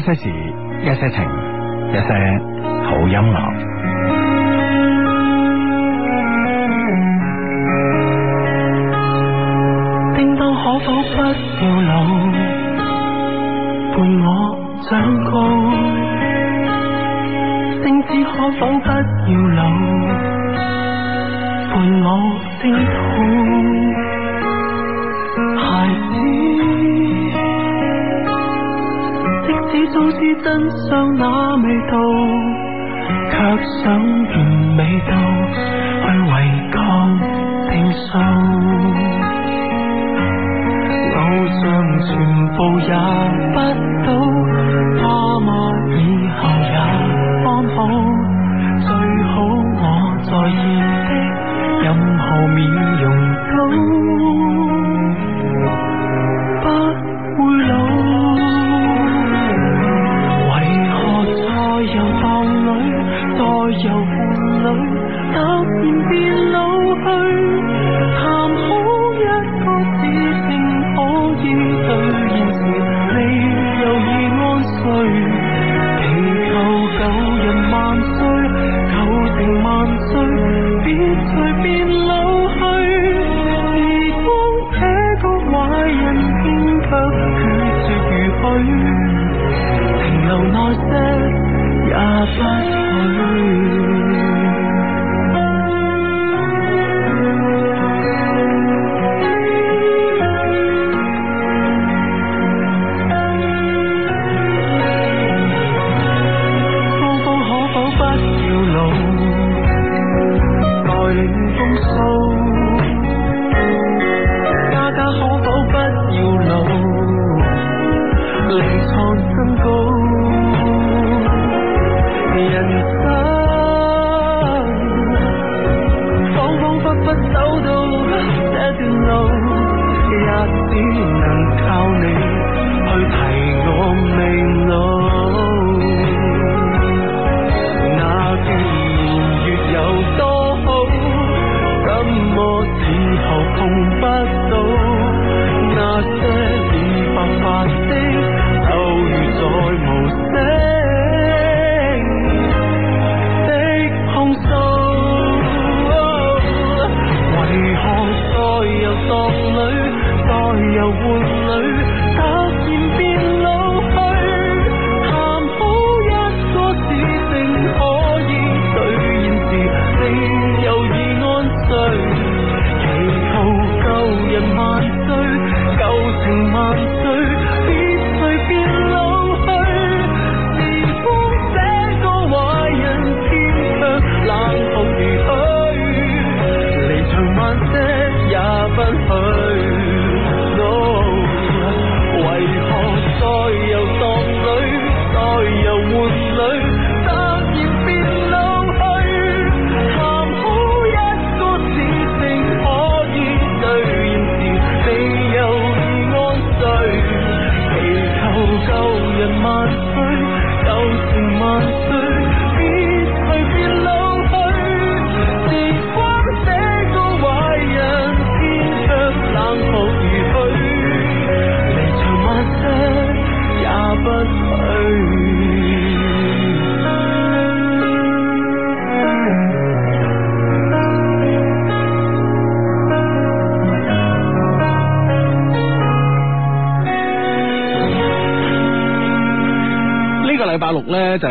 一些事，一些情，一些好音樂。叮當可否不要老，伴我長高。星子可否不要老，伴我的好。早知真相那味道，卻想完美到去違抗接受，偶像全部也不到，怕我以後也安好。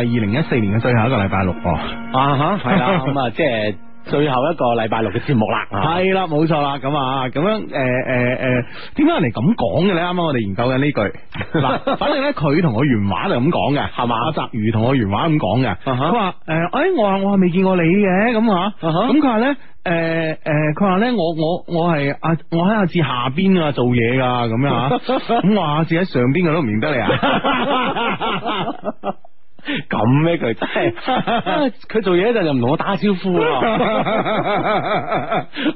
係二零一四年嘅最後一個禮拜六啊！吓係啦，咁啊，即係最後一個禮拜六嘅節目啦。係、uh、啦，冇錯啦，咁啊，咁樣誒誒誒，點解人哋咁講嘅咧？啱啱我哋研究緊呢句嗱，反正咧佢同我原話就咁講嘅，係嘛？ 阿澤宇同我原話咁講嘅，佢話誒誒，我我我未見過你嘅，咁啊，咁佢話咧誒誒，佢話咧我我我係阿我喺阿志下邊做嘢噶，咁啊，咁阿志喺上邊，我，我，我，我邊都唔認得你啊。咁咩佢真係，佢做嘢陣就唔同我打招呼，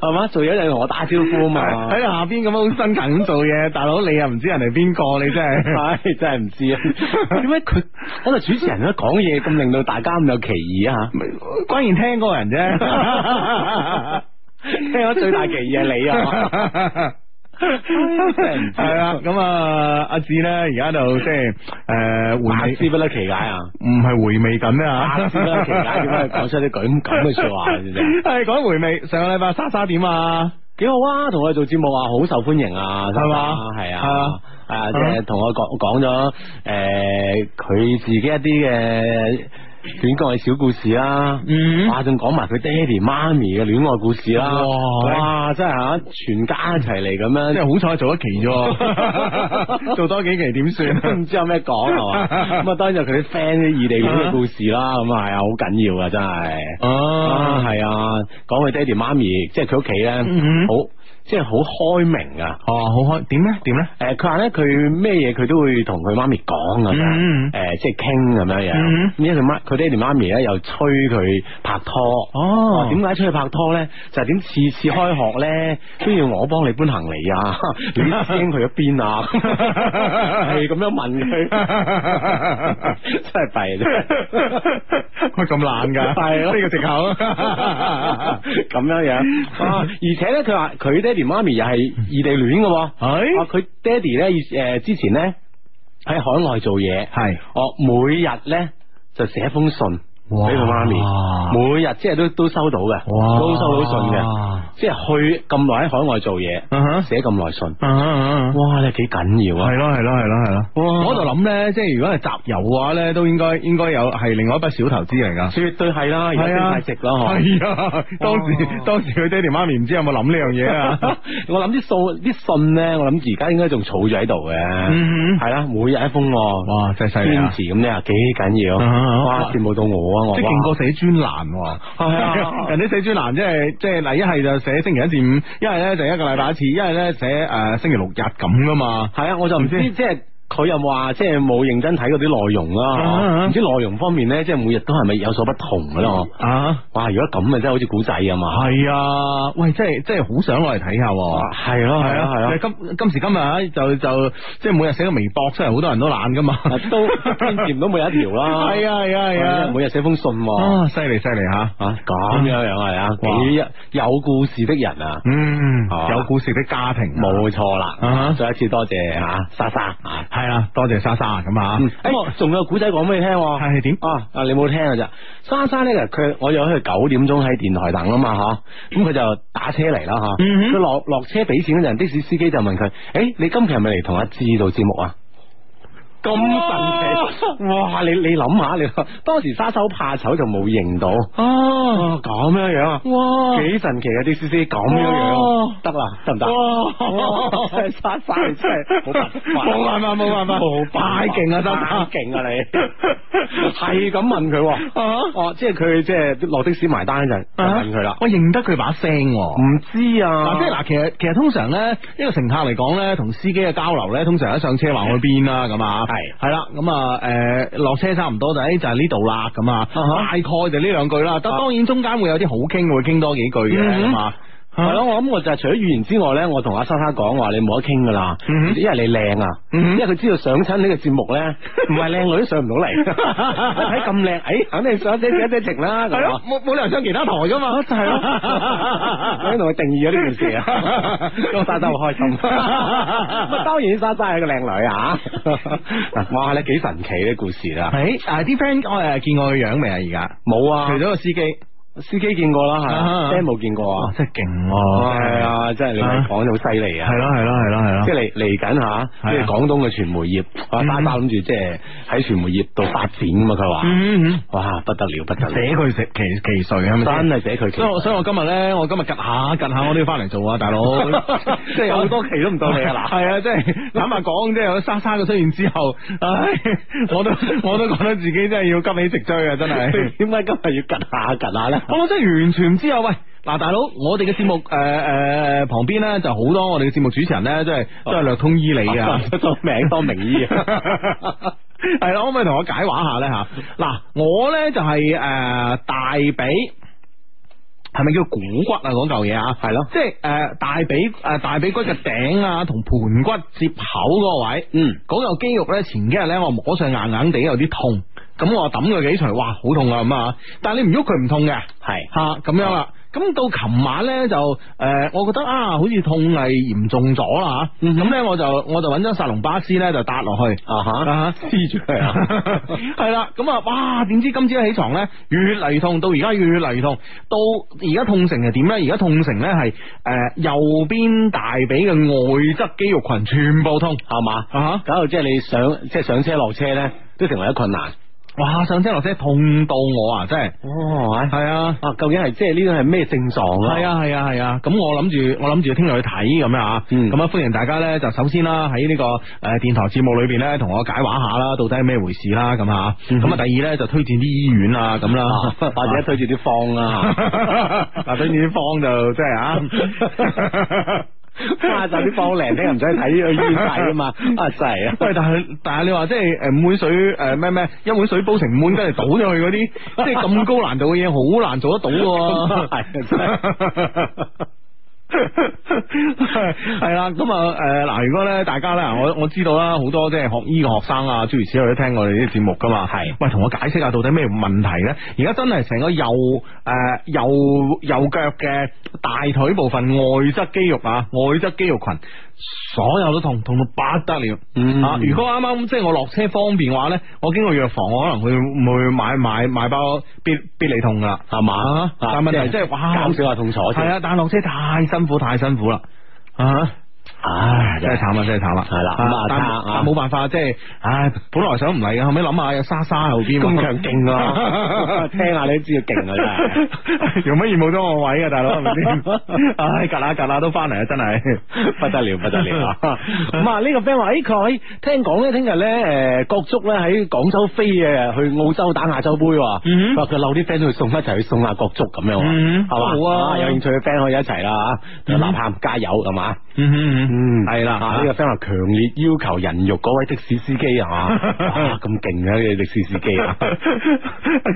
係嘛？ 做嘢就同我打招呼嘛。喺 下邊咁樣好辛勤咁做嘢，大佬你又唔知人哋邊個，你真係、 哎，真係唔知啊。點解佢可能主持人咧講嘢咁令到大家咁有歧義啊？吓， 關 鍵聽嗰個人啫，聽咗最大歧義係你啊。 係 啦，咁、嗯嗯嗯、啊，阿志呢，而家就即係誒回味，知、啊、不得其解啊！唔係回味緊啊，知不得其解，點解講出啲咁咁嘅說話先？係講回味，上個禮拜莎莎點啊？幾好啊！同我哋做節目啊，好受歡迎啊，係嘛吧？係啊，即誒、啊，同、啊啊就是、我講講咗誒，佢、呃、自己一啲嘅。戀愛小故事啦，哇，仲講埋佢爹哋媽咪嘅戀愛故事啦，oh. 哇，真係吓全家一齊嚟咁樣，即係好彩做一期啫， 做多幾期點算？都唔 知有咩講係嘛？咁啊 當然有佢啲 friend 啲異地戀嘅故事啦，咁啊係啊，好緊要啊，要真係，uh. 嗯、啊係啊，講佢爹哋媽咪，即係佢屋企咧好。即係好開明啊！哦，好開點咧？點咧？誒、呃，佢話咧，佢咩嘢佢都會同佢媽咪講噶，誒、嗯嗯呃，即係傾咁樣樣。嗯，嗯，而佢媽佢爹哋媽咪咧又催佢拍拖。哦，點解催佢拍拖咧？就係點次次開學咧都要我幫你搬行李啊？你師兄去咗邊啊？係咁 樣問佢，真係弊啦！佢咁懶噶，係呢個借口。咁 樣樣、啊、而且咧，佢話佢咧。爹哋媽咪又係異地戀嘅，係啊！佢爹哋咧，誒、之前咧喺海外做嘢，係哦是，每日咧就寫一封信。俾佢媽咪，每日即係都都收到嘅，都收到信嘅，即係去咁耐喺海外做嘢，寫咁耐信，哇，你啲幾緊要啊！係咯係咯係咯係咯，我就諗咧，即係如果係集郵嘅話咧，都應該應該有係另外一筆小投資嚟噶，絕對係啦，而家太值咯，係啊！當時當時佢爹哋媽咪唔知有冇諗呢樣嘢啊？我諗啲信啲信咧，我諗而家應該仲儲咗喺度嘅，係啦，每日一封，哇，真係堅持咁咧，幾緊要，哇，羨慕到我。即係勁過寫專欄，係哇、啊、人哋寫專欄，即係即係嗱，一係就寫、是、星期一至五，一係咧就一個禮拜一次，一係咧寫誒星期六日咁噶嘛。係啊，我就唔知是即係。佢又話即係冇認真睇嗰啲內容咯，唔知內容方面咧，即係每日都係咪有所不同噶啦？哇！如果咁啊，真係好似古仔咁嘛！係啊，喂，即系即係好想我哋睇下，係咯系咯係咯！今今時今日就就即係每日寫個微博出嚟，好多人都懶噶嘛，都堅持到每一條啦。係啊係啊係啊！每日寫封信，犀利犀利吓吓咁樣又係啊。有故事的人啊！嗯，有故事的家庭，冇錯啦！再一次多謝吓莎莎啊！係啦，多謝莎莎咁、嗯、啊！誒，我仲有古仔講俾你聽，係點啊？你冇聽㗎？咋莎莎呢？佢我約佢九點鐘喺電台等啊嘛，嗬？咁佢就打車嚟啦，嗬、嗯哼？佢落落車俾錢嗰陣，的士司機就問佢：，誒、欸，你今期係咪嚟同阿志做節目啊？咁神奇哇！你你諗下，你當時沙手怕醜，就冇認到哦，咁樣樣哇，幾神奇啊！啲司機咁樣樣得啦，得唔得？哦！殺晒，真係冇辦法，冇辦法，冇太勁啊！真係勁啊！你係咁問佢啊？哦，即係佢即係落的士埋單嗰陣問佢啦。我認得佢把聲，唔知啊！即係嗱，其實其實通常咧，一個乘客嚟講咧，同司機嘅交流咧，通常一上車話去邊啦咁啊。係係啦，咁啊，誒落車差唔多就喺就係呢度啦，咁啊、uh huh. 大概就呢兩句啦，但、uh huh. 當然中間會有啲好傾，會傾多幾句嘅咁啊。Uh huh. 係咯，我諗我就係除咗語言之外咧，我同阿莎莎講話你冇得傾噶啦，因為你靚啊，因為佢知道上親呢個節目咧，唔係靚女都上唔到嚟，睇咁靚，誒肯定上姐姐情啦，係嘛，冇冇理由上其他台噶嘛，就係咯，我同佢定義咗呢件事啊，咁莎莎好開心，當然莎莎係個靚女啊，嗱我話你幾神奇嘅故事啦，誒，啲 friend 我誒見我嘅樣未啊，而家冇啊，除咗個司機。司機見過啦，係咩冇見過啊？真係勁，係啊，真係你講得好犀利啊！係咯，係咯，係咯，係咯，即係嚟嚟緊吓，即係廣東嘅傳媒業，阿丹丹諗住即係喺傳媒業度發展啊嘛，佢話，哇，不得了，不得寫佢食期期稅咪真係寫佢。所以所以我今日咧，我今日趌下趌下，我都要翻嚟做啊，大佬，即係有好多期都唔到你啊，嗱，係啊，即係坦白講，即係沙沙嘅出現之後，唉，我都我都覺得自己真係要急起直追啊，真係，點解今日要趌下趌下咧？我真係完全唔知啊！喂，嗱，大佬，我哋嘅節目誒誒旁邊咧就好多我哋嘅節目主持人咧，真係都係略通醫理嘅，當名多名醫啊，係啦，可唔可以同我解畫下咧吓？嗱，我咧就係誒大髀。係咪叫股骨，骨啊？嗰嚿嘢啊，係咯，即係誒大髀誒大髀骨嘅頂啊，同盆骨接口嗰個位，嗯，嗰嚿肌肉呢，前幾日呢，我摸上硬硬地，有啲痛，咁我抌佢幾錘，哇，好痛啊咁是啊，但係你唔喐佢唔痛嘅，係吓咁樣啦。咁到琴晚呢，就誒，我覺得啊，好似痛係嚴重咗啦吓，咁咧、嗯、哼我就我就揾張薩隆巴斯呢，就搭落去啊哈，黐、啊、住佢，係啦，咁啊，哇，點知今朝一起床呢，越嚟越痛，到而家越嚟越痛，到而家痛成係點呢？而家痛成呢係誒右邊大髀嘅外側肌肉群全部痛係嘛啊哈，搞到即係你上即係上車落車呢，都成為一個困難。哇！上車落車痛到我啊，真係哦，係啊，究竟係即係呢個係咩症狀啊？係啊，係啊，係啊！咁我諗住，我諗住聽日去睇咁樣啊。咁啊，歡迎大家呢，就首先啦，喺呢個誒電台節目裏邊呢，同我解畫下啦，到底係咩回事啦？咁啊，咁啊，第二呢，就推薦啲醫院啊，咁啦，或者推薦啲方啊，嗱， 推薦啲方就即係啊。 啊，就啲放璃，你又唔使睇呢個煙仔啊嘛，真係啊！喂、就是， 但係但係你話即係誒五碗水誒咩咩一碗水煲成滿，跟住倒咗去嗰啲， 即係咁高難度嘅嘢，好難做得到。係、 啊。就是 係啦，咁啊誒嗱，如果咧大家咧，我我知道啦，好多即係學醫嘅學生啊，諸如此類都聽過我哋啲節目噶嘛，係的，喂，同我解釋下到底咩問題咧？而家真係成個右誒、呃、右右腳嘅大腿部分外側肌肉啊，外側肌肉群。所有都痛，痛到不得了。嗯、啊，如果啱啱即係我落、就是、車方便嘅話咧，我經過藥房，我可能會會買買買包必必利痛噶啦，係嘛吧？啊、但問題即係是哇，減少下痛楚。係啊，但係落車太辛苦，太辛苦啦。啊！唉，真係慘啦，真係慘啦，係啦，冇辦法，即係唉，本來想唔嚟嘅，後尾諗下有莎莎喺後邊，咁強勁啊！聽下你都知佢勁啊，真係容乜易冇咗我位啊大佬，係咪先？唉，夾下夾下都翻嚟啊，真係不得了，不得了啊！咁啊，呢個 friend 話，哎佢聽講咧，聽日咧，誒，國足咧喺廣州飛嘅去澳洲打亞洲盃，嗯，佢漏啲 friend 去送一齊去送下國足咁樣，嗯，好啊，有興趣嘅 friend 可以一齊啦，吓，吶喊加油，係嘛。嗯嗯嗯，嗯，係啦，呢個 friend 強烈要求人肉嗰位的士司機係嘛，哇咁勁嘅呢個的士司機啊！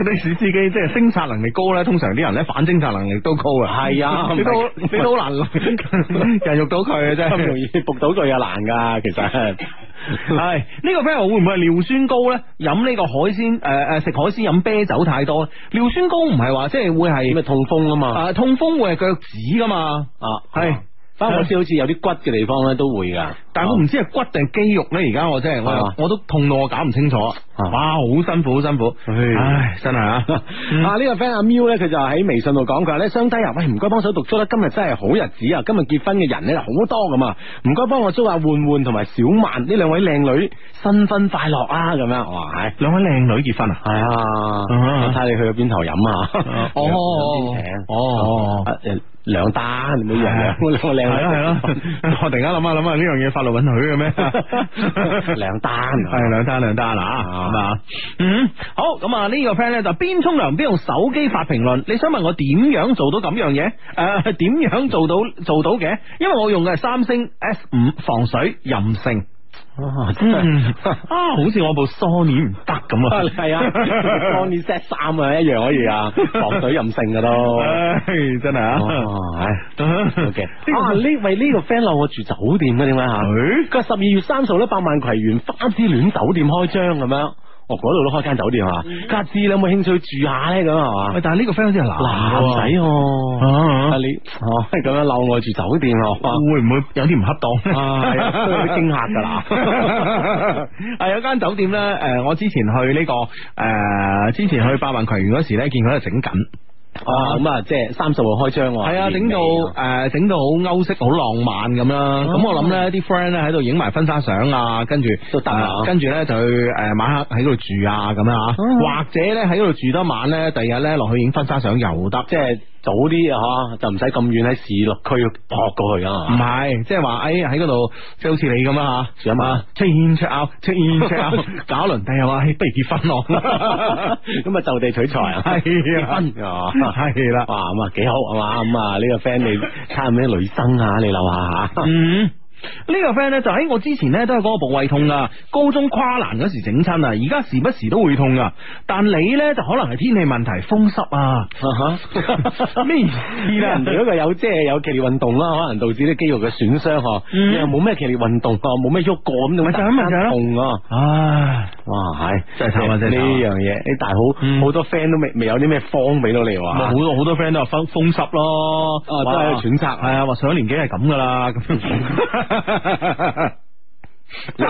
的士司機即係偵查能力高咧，通常啲人咧反偵查能力都高啊。係啊，你都你都好難人肉到佢啊，真係，咁容易捕到佢啊，難噶，其實係呢個 friend 會唔會尿酸高咧？飲呢個海鮮誒誒食海鮮飲啤酒太多，尿酸高唔係話即係會係咩痛風啊嘛？痛風會係腳趾噶嘛？啊係。但我知好似有啲骨嘅地方咧都會噶，但係我唔知係骨定肌肉咧。而家我真係我我都痛到我搞唔清楚，哇，好辛苦，好辛苦，唉，真係啊！啊，呢個 friend 阿 Miu 咧，佢就喺微信度講，佢話咧雙低啊，喂，唔該幫手讀出啦，今日真係好日子啊！今日結婚嘅人咧好多咁啊，唔該幫我祝下煥煥同埋小曼呢兩位靚女新婚快樂啊！咁樣哇，兩位靚女結婚啊，係啊，睇你去咗邊頭飲啊，哦，先請，哦。兩單，冇錯，係的，係咯，係咯，我突然間諗下諗下，呢樣嘢法律允許嘅咩？兩 單，係兩 單，兩 單，兩單啊，係嘛、啊？嗯，好，咁啊呢個 friend 咧就邊沖涼邊用手機發評論，你想問我點樣做到咁樣嘢？誒、呃，點樣做到做到嘅？因為我用嘅係三星 S 五，防水任性。啊、真係 啊，好似我部 Sony 唔得咁啊，係啊，Sony Set 三啊，一樣可以啊，防水任性噶都， 哎、真係啊，係 OK 啊，呢為呢個 friend 留我住酒店嘅點解吓？佢十二月三十號咧，百萬葵園花之戀酒店開張咁樣。哦，嗰度都開間酒店啊，格子你有冇興趣住下咧？咁係嘛？喂，但係呢個 friend 好似男仔哦，你哦咁樣摟我住酒店，會唔會有啲唔恰當？係啊，驚吓噶啦！係有間酒店咧，誒，我之前去呢、這個誒、呃，之前去百萬葵園嗰時咧，見佢喺度整緊。啊，咁啊，即係三十號開張，係啊，整到誒，整到好歐式、好浪漫咁啦。咁我諗咧，啲 friend 咧喺度影埋婚紗相，啊，跟住都得，跟住咧就去誒，晚黑喺嗰度住啊，咁樣啊。或者咧喺嗰度住得晚咧，第二日咧落去影婚紗相又得，即係早啲嗬，就唔使咁遠喺市六區撲過去啊。唔係，即係話誒喺嗰度，即係好似你咁啊，住啊晚，出宴出啊，出宴出啊，搞輪底係嘛，不如結婚咯，咁就地取材啊，結婚啊。係啦，哇咁啊幾好啊嘛，咁啊呢個 friend 你差唔多女生啊？你樓下吓。呢個 friend 咧，就喺我之前咧，都係嗰個部位痛啦，高中跨欄嗰時整親啊，而家時不時都會痛噶。但你咧，就可能係天氣問題，風濕啊，咩事啊？如果個有即係有劇烈運動啦，可能導致啲肌肉嘅損傷。又冇咩劇烈運動，冇咩喐過，咁點解會生痛啊？唉，哇，係真係太啊！真呢樣嘢，啲大好好多 friend 都未未有啲咩方俾到你話，好多好多 friend 都話風風濕咯，都喺去揣測係啊，話上咗年紀係咁噶啦。嗱，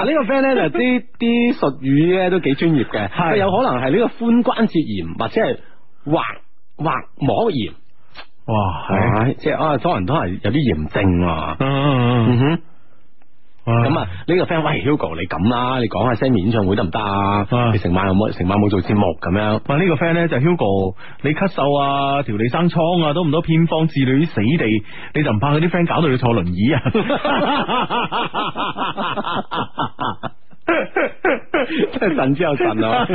呢 個 friend 咧就啲啲術語咧都幾專業嘅，即係的有可能係呢個髖關節炎或者係滑滑膜炎。哇，係即係，所有哇的、啊、人都係有啲炎症。嗯、啊，嗯哼。咁啊，呢個 friend 喂，Hugo 你咁啦，你講下 Sammy 演唱會得唔得啊？你成晚冇成晚冇做節目咁樣。喂，呢個 friend 咧就 Hugo，你咳嗽啊，調理生瘡啊，都唔、啊、多，多偏方治療於死地？你就唔怕佢啲 friend 搞到你坐輪椅啊？ 真係神之有神啊！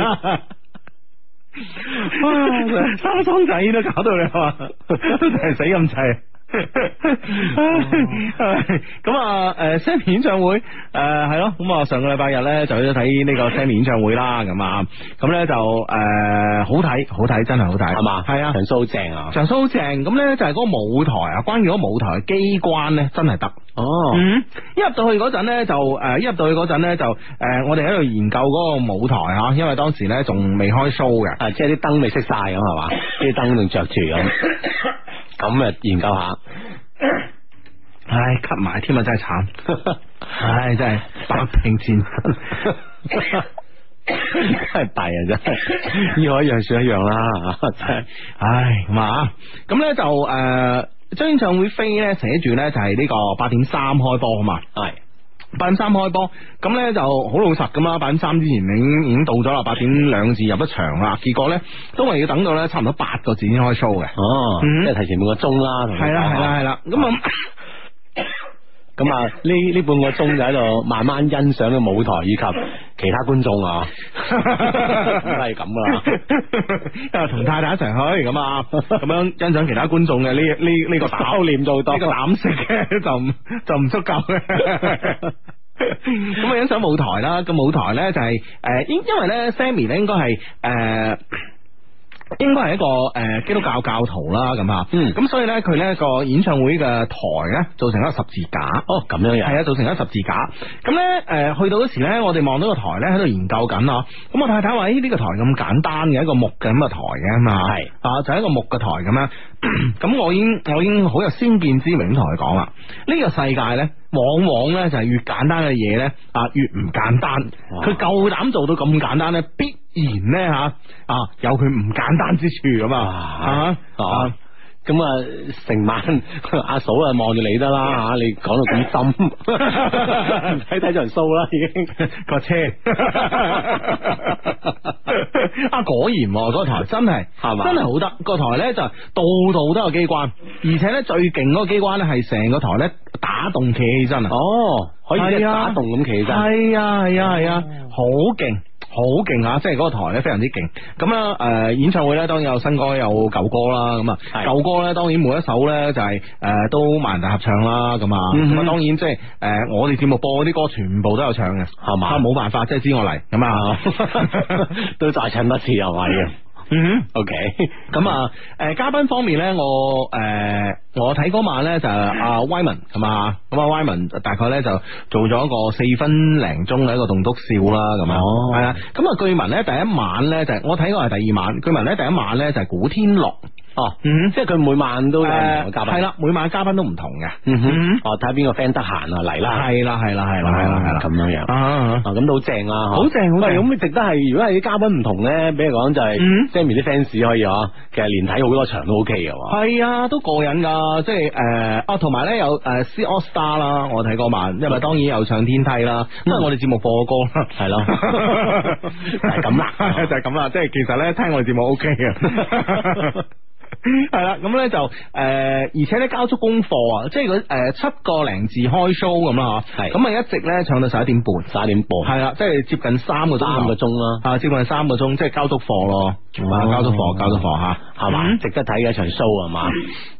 生瘡仔都搞到你啊，真係死咁滯。咁啊，誒，Sam y 演唱會誒，係咯， 咁、呃、啊，上個禮拜日咧就去咗睇呢個 Sam y 演唱會啦，咁、呃、吧啊，咁咧就誒，好睇，好睇，真係好睇，係嘛，係啊，場數正，啊，場數正，咁咧就係嗰個舞台啊，關於嗰個舞台機關咧，真係得，哦，嗯，一入到去嗰陣咧就誒，一入到去嗰陣咧就誒，我哋喺度研究嗰個舞台吓，因為當時咧仲未開 show 嘅， 啊，即係啲燈未熄晒咁係嘛，啲燈仲着住咁，咁啊 研究下。唉，吸埋添啊，真係慘！唉，真係百兵戰真係弊啊！真係，要個一樣算一樣啦。唉咁啊，咁咧就誒，張演、呃、唱會飛咧寫住咧就係、是、呢個八點三開波，好嘛？係。八點三開波，咁呢就好老實㗎嘛。八點三之前已經已經到咗啦，八點兩字入一場啦，結果呢，都係要等到呢差唔多八個字先開 show 嘅、啊。哦、嗯，即係提前半個鐘啦。係啦係啦係啦，咁。咁啊，呢呢半個鐘就喺度慢慢欣賞個舞台以及其他觀眾啊，都係咁噶啦，因為同太太一齊去咁啊，咁樣欣賞其他觀眾嘅呢呢呢個膽念就多，呢個膽識咧就唔就唔足夠嘅。咁啊，欣賞舞台啦，個舞台咧就係誒，因因為咧，Sammy 咧應該係誒。應該係一個誒、呃、基督教教徒啦，咁啊、嗯，咁所以呢，佢呢個演唱會嘅台呢，做成一個十字架，哦咁樣嘅，係啊，做成一個十字架，咁、嗯、呢，誒、呃、去到嗰時呢，我哋望到個台呢，喺度研究緊啊，咁我太太話呢個台咁簡單嘅一個木嘅咁嘅台嘅嘛，係啊，就係一個木嘅台咁樣，咁、啊、我已經我已經好有先見之明講，同佢講啦，呢個世界呢。往往咧，就係越簡單嘅嘢咧啊越唔簡單，佢夠膽做到咁簡單咧，必然咧吓啊有佢唔簡單之處咁啊。啊啊啊咁啊，成晚阿嫂啊望住你得啦吓，你講到咁深，睇睇就人騷啦，已經個車。啊果然嗰、啊嗰、台真係係嘛，真係吧好得，個台咧就度度都有機關，而且咧最勁嗰個機關咧係成個台咧打動企起身啊！哦，可以打動咁企起身，係啊係啊係啊，啊，啊，好勁。好勁啊！即係嗰個台咧非常之勁，咁啊誒演唱會咧當然有新歌有舊歌啦，咁啊舊歌咧當然每一首咧就係誒都萬人大合唱啦，咁啊咁當然即係誒我哋節目播啲歌全部都有唱嘅，係嘛嗎，冇辦法即係知我嚟，咁啊 都再唱多次又係嘅。Mm hmm. Okay. 嗯哼，OK，咁誒嘉賓方面咧，我誒、呃、我睇嗰晚咧就阿 Wyman 係嘛？咁啊、 uh, Wyman 大概咧就做咗個四分零鐘嘅一個棟篤笑啦，咁樣係啊，咁啊、哦嗯，據聞咧第一晚咧就係我睇過，係第二晚，據聞咧第一晚咧就係古天樂。哦，嗯，即係佢每晚都有誒嘉賓係啦，每晚嘉賓都唔同嘅，嗯哼，哦睇邊個 friend 得閒啊嚟啦，係啦係啦係啦係啦係啦咁樣樣啊，咁都好正啊，好正好正，咁值得係如果係啲嘉賓唔同咧，比如講就係 Sammy 啲 fans 可以嗬，其實連睇好多場都 OK 嘅，係啊，都過癮噶，即係誒啊同埋咧有誒 C All Star 啦，我睇過晚，因為當然有唱天梯啦，因為我哋節目播嘅歌，係咯，係咁啦，就係咁啦，即係其實咧聽我哋節目 OK 嘅。係啦，咁咧就誒、呃，而且咧交足功課啊，即係嗰誒七個零字開 show 咁啊，係是，咁啊一直咧唱到十一點半，十一點半，係啦，即係接近三個三個鐘啦，啊，啊，接近三個鐘，即係交足課咯、啊啊，交足課，交足課吓，係、啊、嘛、嗯，值得睇嘅一場 show 啊嘛，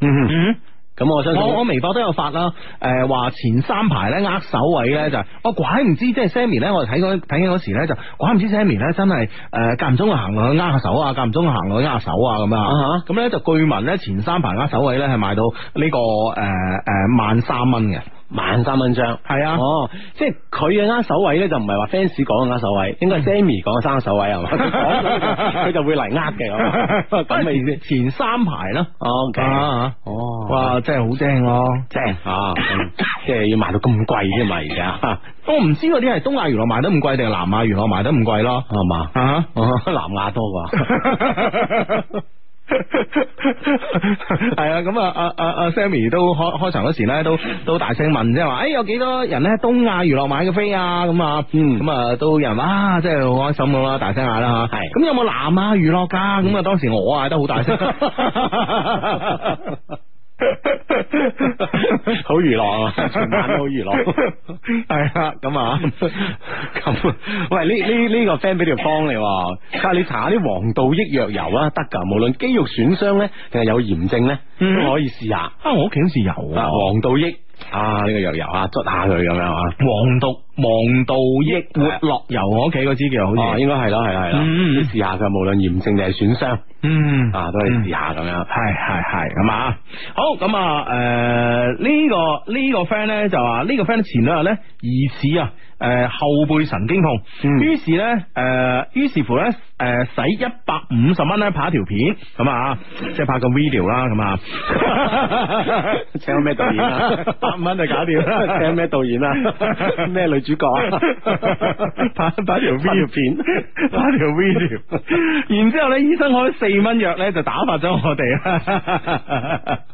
嗯哼。嗯哼。咁我相信我，我微博都有發啦，誒話前三排咧握手位咧就，我鬼唔知即係 Sammy 咧，我睇嗰睇嗰時咧就鬼唔知 Sammy 咧真係誒間唔中行落去握手啊，間唔中行落去握手啊咁樣啊，咁咧就據聞咧前三排握手位咧係賣到呢、這個誒誒、呃呃、萬三蚊嘅。萬三蚊張係啊，哦，即係佢嘅握手位咧就唔係話 fans 講嘅握手位，應該係 Sammy 講生手位係嘛，佢就會嚟呃嘅，咁咪前三排咯，OK，哦，哇，真係好正咯，正啊，即係要賣到咁貴啲咪而家，我唔知嗰啲係東亞娛樂賣得咁貴定係南亞娛樂賣得咁貴咯，係嘛，啊，南亞多啩。係 啊，咁啊阿阿、啊啊、Sammy 都開開場嗰時咧，都 都大聲問啫，話、哎、誒有幾多人咧？東亞娛樂買嘅飛啊，咁啊，嗯，咁啊、嗯，都有人啊，即係好開心咁、啊、啦，大聲嗌啦吓，係是，咁有冇南亞娛樂家？咁啊，啊嗯、當時我嗌得好大聲。 好娛樂啊，全晚都好娛樂，係 啊，咁啊，咁，喂，呢呢呢個 friend 俾條方你，你啊，你查下啲黃道益藥油啊，得噶，無論肌肉損傷咧，定係有炎症咧，都可以試下。啊，我屋企好似有啊，黃道益。啊！呢、這個藥油啊，捽下佢咁樣啊，黃毒黃道益活絡油，我屋企嗰支叫，好似應該係咯，係啦，係啦，嗯，都試下佢，無論炎症定係損傷，嗯，啊，都係試下咁樣，係係係，咁啊，嗯、好，咁啊，誒、呃，呢、這個呢、這個 friend 咧就話呢、這個 friend 前兩日咧疑似啊。誒，後背神經痛，於是咧，誒、呃，於是乎咧，誒，使一百五十蚊咧拍一條片，咁啊，即係拍個 video 啦，咁啊， 請咩導演啊？百五蚊就搞掂， 請咩導演啊？咩 女主角啊？拍拍條 video 片， 拍條 video，然之後咧，醫生開四蚊藥咧，就打發咗我哋。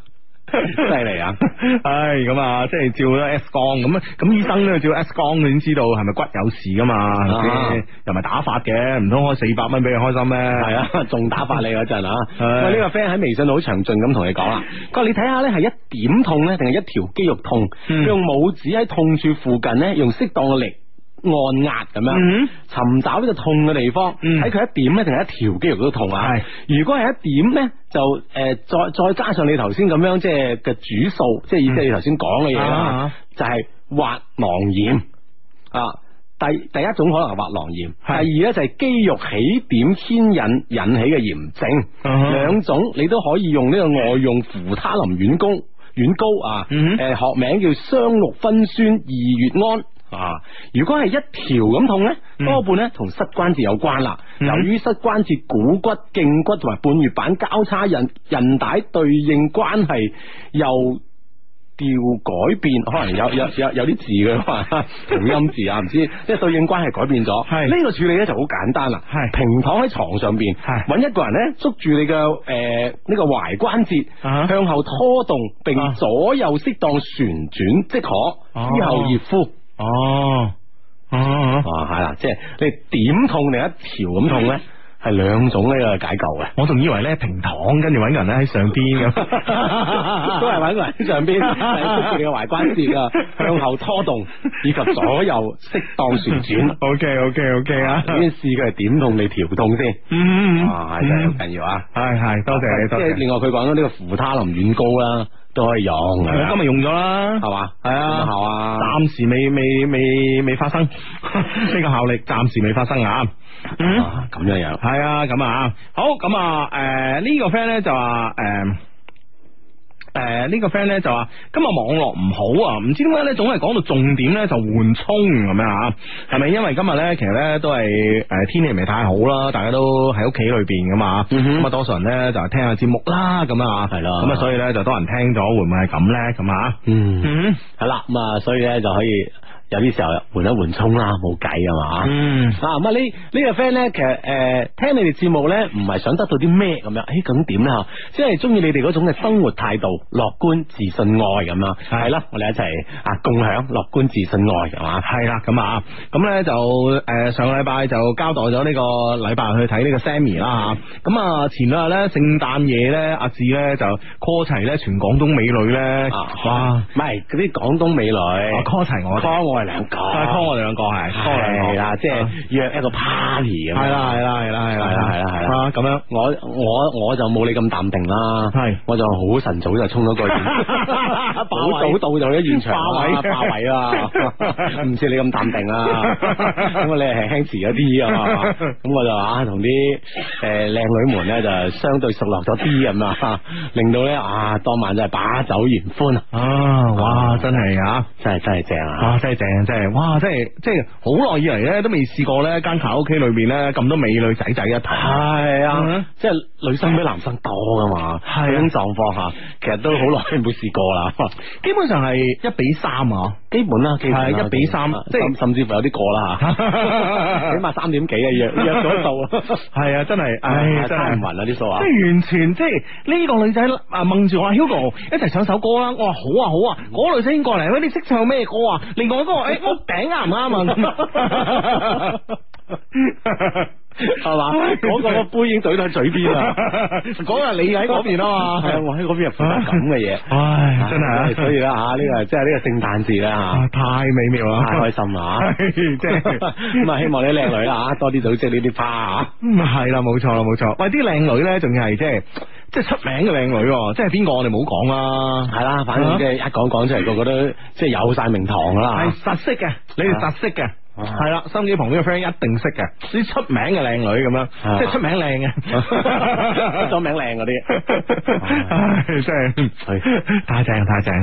犀利 啊！唉、哎，咁啊，即係照咗 X 光咁啊，咁醫生咧照 X 光先知道係咪骨有事噶嘛，啊啊、又咪打發嘅，唔通開四百蚊俾佢開心咩？係啊，仲打發你嗰陣啊！ 是的 喂，呢、這個 friend 喺微信度好詳盡咁同你講啦，佢話你睇下咧係一點痛咧，定係一條肌肉痛？嗯、用拇指喺痛處附近咧，用適當嘅力。按壓咁樣，尋找呢個痛嘅地方，喺佢一點呢，定係一條肌肉都痛啊。如果係一點呢，就誒再再加上你頭先咁樣，即係嘅主數，即係意思你頭先講嘅嘢啦，就係滑囊炎啊。第第一種可能係滑囊炎，第二呢就係肌肉起點牽引引起嘅炎症，兩種你都可以用呢個外用扶他林軟膏，軟膏啊，誒學名叫雙氯芬酸二乙胺。啊！如果係一條咁痛呢，多半呢同膝關節有關啦。由於膝關節股骨、骨、脛骨同埋半月板交叉韌韌帶對應關係又調改變，可能有有有啲字嘅話，同音字啊，唔知 即係對應關係改變咗。係呢是個處理呢就好簡單啦。係是平躺喺床上邊，係揾是一個人呢，捉住你嘅誒呢個踝關節，是向後拖動並左右適當旋轉即可，之後熱敷。哦哦哦，係、嗯、啦，即係你點痛另一條咁痛咧？係兩種呢個解救嘅，我仲以為咧，平躺，跟住搵個人咧喺上邊咁，都係搵個人上邊，出你嘅踝關節啊，向後拖動，以及左右適當旋轉。OK OK OK 啊，先試佢係點動你調動先。嗯，係好緊要啊，係係多謝多謝。另外佢講緊呢個扶他林軟膏啦，都可以用。今日用咗啦，係嘛，係啊，係嘛，暫時未未未未發生呢個效力，暫時未發生啊。啊、嗯，咁樣樣，係啊，咁啊，好，咁啊，誒、呃，呢、這個 friend 咧就話、是，誒、呃，誒，呢個 friend 咧就話、是，今日網絡唔好啊，唔知點解咧，總係講到重點咧就緩衝咁樣啊，係咪是因為今日咧，其實咧都係誒天氣唔係太好啦，大家都喺屋企裏邊噶嘛，咁啊多數人咧就係聽下節目啦，咁啊係啦，咁啊所以咧就多人聽咗，會唔會係咁咧？咁啊，嗯，係啦， 咁 啊，所以咧就可以。有啲時候換一換充啦，冇計啊嘛。嗯，嗱咁、啊、呢呢個 friend 咧，其實誒、呃，聽你哋節目咧，唔係想得到啲咩咁樣？誒，咁點咧？即係中意你哋嗰種嘅生活態度，樂觀、自信愛、愛咁樣！係啦的、嗯，我哋一齊啊，共享樂觀、自信、愛，係嘛？係啦，咁、嗯、啊，咁、嗯、咧就誒，上個禮拜就交代咗呢個禮拜去睇呢個 Sammy 啦吓。咁、嗯嗯、啊，前兩日咧，聖誕夜咧，阿志咧就 call 齊咧，全廣東美女咧、嗯啊，哇！唔係嗰啲廣東美女 call 齊我，call 我。兩個拖我哋兩個係係啦，即係約一個 party 咁啦，係啦係啦係啦係啦係啦咁樣，我我我就冇你咁淡定啦，係我就好晨早就衝咗過去，好早到就喺現場霸位，霸位啦，唔似你咁淡定啦，咁你咧係輕遲咗啲啊，咁我就啊同啲誒靚女們咧就相對熟落咗啲咁啊，令到咧啊當晚就係把酒言歡啊，哇真係啊真係真係正啊，真係正！即係，哇！即係，即係好耐以嚟咧，都未試過咧，間卡拉 OK 裏面咧咁多美女仔仔一睇係啊，嗯、即係女生比男生多噶嘛，嗰種狀況下其實都好耐冇試過啦。 基本上係一比三啊。基本啦、啊，基本上、啊、一比三，啊，即係甚至乎有啲過啦吓，Hugo, 起碼三點幾約約咗度，係啊，真係，唉，真太唔勻啦啲數啊，即係完全即係呢個女仔啊，掹住我 Hugo 一齊唱首歌啦，我話好啊好啊，嗰、啊嗰個、女仔應過嚟喂，你識唱咩歌啊？另外嗰個誒屋頂啱唔啱啊？ 係嘛？嗰個個杯已經懟到喺嘴邊啦。嗰日你喺嗰邊啊嘛，係我喺嗰邊入翻咁嘅嘢。唉，真係，所以咧吓，呢個即係呢個聖誕節啦，太美妙啦，太開心啦吓。即係咁啊！希望啲靚女啦，多啲組織呢啲趴啊。咁啊係啦，冇錯啦，冇錯。喂，啲靚女咧，仲要係即係即係出名嘅靚女，即係邊個我哋唔好講啦，係啦，反正即係一講講出嚟，個個都即係有晒名堂啦。係實色嘅，你哋實色嘅。係啦，心機旁邊嘅 friend 一定識嘅，啲出名嘅靚女咁樣，即係出名靚嘅，出咗名靚嗰啲，真係，太正太正，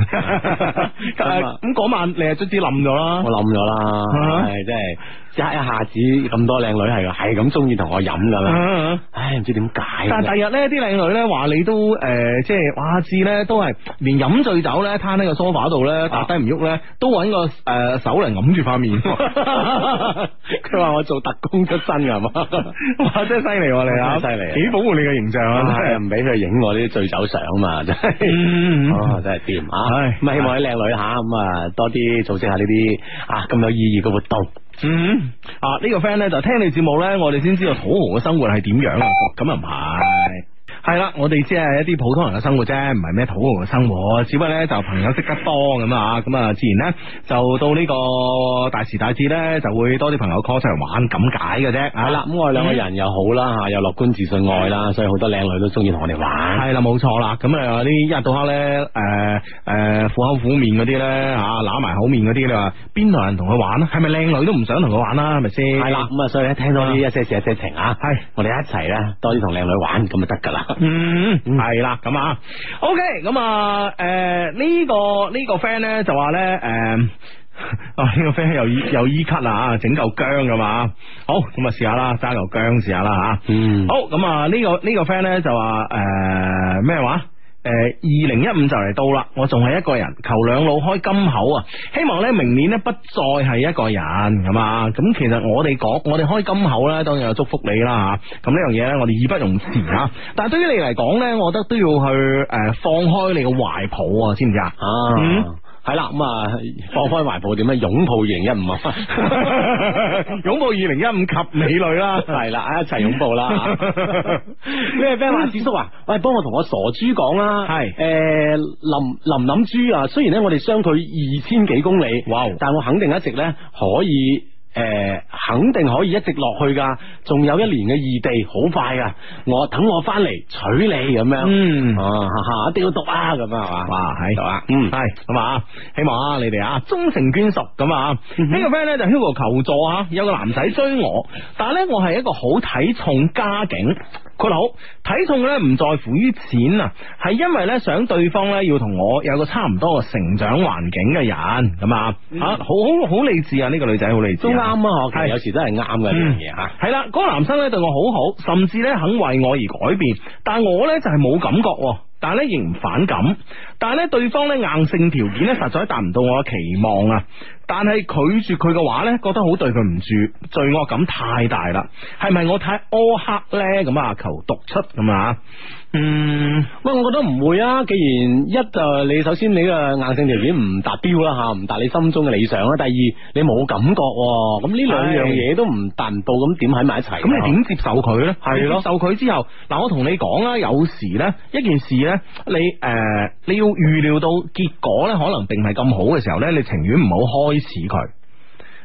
咁嗰晚你啊卒之冧咗啦，我冧咗啦，係真係。一下子咁多靚女係，係咁中意同我飲㗎啦。唉，唔知點解。但係第日呢啲靚女咧話你都誒，即係話，至咧都係連飲醉酒咧，攤喺個梳化度咧，打低唔喐咧，都揾個誒手嚟揞住塊面。佢話我做特工出身嘅係嘛，哇！真係犀利，你啊，犀利，幾保護你嘅形象啊！真係唔俾佢影我啲醉酒相嘛，真係。哦，真係掂啊！咁希望啲靚女吓咁啊，多啲組織下呢啲啊咁有意義嘅活動。嗯啊，呢個 friend 咧就聽你節目咧，我哋先知道土豪嘅生活係點樣啊，咁又唔係。係啦，我哋只係一啲普通人嘅生活啫，唔係咩土豪嘅生活。只不過咧就朋友識得多咁啊，咁啊，自然咧就到呢個大時大節咧，就會多啲朋友 call 出嚟玩，咁解嘅啫，啊。係啦，咁我哋兩個人又好啦，吓又樂觀自信愛啦，所以好多靚女都中意同我哋玩。係啦，冇錯啦。咁啊，呢一日到黑咧，誒、呃、誒、苦、呃、口苦面嗰啲咧，吓揦埋口面嗰啲，你話邊度人同佢玩，玩啊？係咪靚女都唔想同佢玩啦？係咪先？係啦，咁啊，所以咧，聽到呢一些事，一些情啊，係對，我哋一齊咧，多啲同靚女玩，咁就得噶啦。嗯，係啦，咁啊，OK，咁啊，誒、呃，呢、這個呢、這個 friend 咧就話咧，誒、呃，呢、這個 friend 又醫又醫咳吓，整嚿、e、薑噶嘛，好，咁啊試下啦，揸嚿薑試下啦吓，嗯，好，咁啊、這個這個呃、呢個呢個 friend 咧就話誒咩話？誒，二零一五就嚟到啦，我仲係一個人，求兩老開金口啊！希望咧明年咧不再係一個人咁啊！咁其實我哋講，我哋開金口咧，當然有祝福你啦吓。咁呢樣嘢咧，我哋義不容辭啊！但係對於你嚟講咧，我覺得都要去誒、呃、放開你個懷抱，知知啊，知唔知啊？嗯。係啦，咁啊，放開懷抱點樣？擁抱二零一五，啊， 擁抱二零一五及美女啦，係啦，一齊擁抱啦！咩 咩 話，子 叔啊，喂，幫我同我傻豬講啦，係是，誒、呃，林林林豬啊，雖然咧我哋相距二千幾公里，哇，Wow. 但我肯定一直咧可以。誒，肯定可以一直落去噶，仲有一年嘅異地，好快噶。我等我翻嚟娶你咁樣，啊、是嗯，哦，哈哈，一定要讀啊，咁啊嘛，哇，喺度啊，嗯，係，咁啊，希望啊，你哋啊，終成眷屬咁啊。呢、嗯、哼個 friend 咧就喺度求助啊，有個男仔追我，但係咧我係一個好睇重家境，佢話好睇重咧唔在乎於錢啊，係因為咧想對方咧要同我有個差唔多嘅成長環境嘅人，咁、嗯、啊，吓，好好好理智啊，呢個女仔好理智。這個啱、嗯、啊，我其實有時真係啱嘅呢樣嘢吓。係啦，嗰個男生咧對我好好，甚至咧肯為我而改變，但我咧就係、是、冇感覺，但係咧亦唔反感，但係咧對方咧硬性條件咧實在達唔到我嘅期望啊。但係拒絕佢嘅話咧，覺得好對佢唔住，罪惡感太大啦。係咪我太苛刻咧？咁啊，求獨出咁啊？嗯，喂，我覺得唔會啊。既然一就你首先你嘅硬性條件唔達標啦吓，唔達你心中嘅理想啦。第二，你冇感覺，咁呢兩樣嘢都唔達到咁，點喺埋一齊？咁你點接受佢咧？係咯，的，接受佢之後，嗱，我同你講啊，有時咧一件事咧，你誒、呃、你要預料到結果咧，可能並唔係咁好嘅時候咧，你情願唔好開。蝕佢，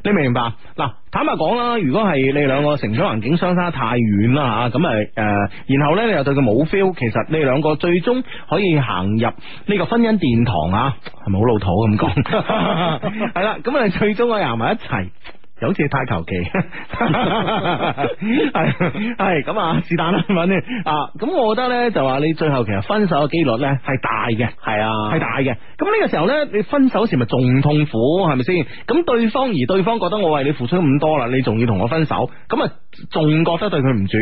你明唔明白？嗱，坦白講啦，如果係你兩個成長環境相差太遠啦吓，咁誒誒，然後咧你又對佢冇 feel，其實你兩個最終可以行入呢個婚姻殿堂啊，係咪好老土咁講？係啦，咁啊最終啊行埋一齊。好似太求其，係係咁是但啦，反正啊，咁我覺得呢，就話你最後其實分手嘅幾率呢，係大嘅，係係大嘅。咁呢個時候呢，你分手時咪仲痛苦係咪先？咁對方而對方覺得我為你付出咁多啦，你仲要同我分手，咁仲覺得對佢唔住。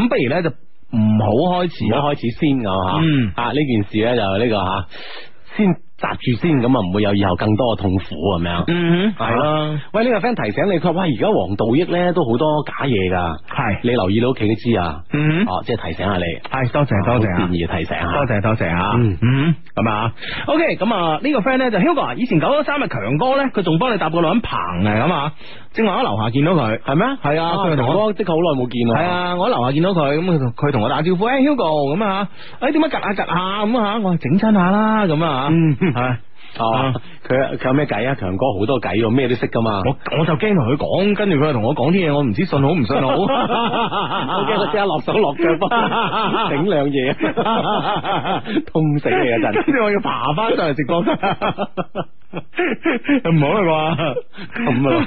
咁不如呢，就唔好開始，一開始先嘅吓。嗯啊，呢件事呢、這個，就呢個吓先。紮住先，咁啊唔會有以後更多嘅痛苦，係咪嗯哼？係、嗯、啦。啊、喂，呢、這個 friend 提醒你，佢喂而家黃道益咧都好多假嘢噶，係是你留意你屋企嗰知啊？嗯哼，哦、啊，即、就、係、是、提醒下你。係多謝多謝，建議、啊、提醒啊，多謝多謝啊。嗯哼嗯哼，咁啊。OK，咁啊呢個 friend 咧就 h u g 以前九九三日強哥咧，佢仲幫你搭個女人棚啊咁啊。正話喺樓下見到佢，係咩嗎？係啊，佢同、啊、我的、啊、即係好耐冇見。係啊，我喺樓下見到佢，咁佢佢同我打招呼，誒 Hugo 咁啊，誒點解夾下夾下咁啊？我整親下啦，咁啊吓。嗯，係。哦，佢佢有咩計啊？強哥好多計，我咩都識噶嘛。我我就驚同佢講，跟住佢同我講啲嘢，我唔知信好唔信好。信好 我驚佢即刻落手落腳，整兩嘢， 痛死你啊。陣，跟住我要爬翻上嚟直播。唔好啦啩？咁啊，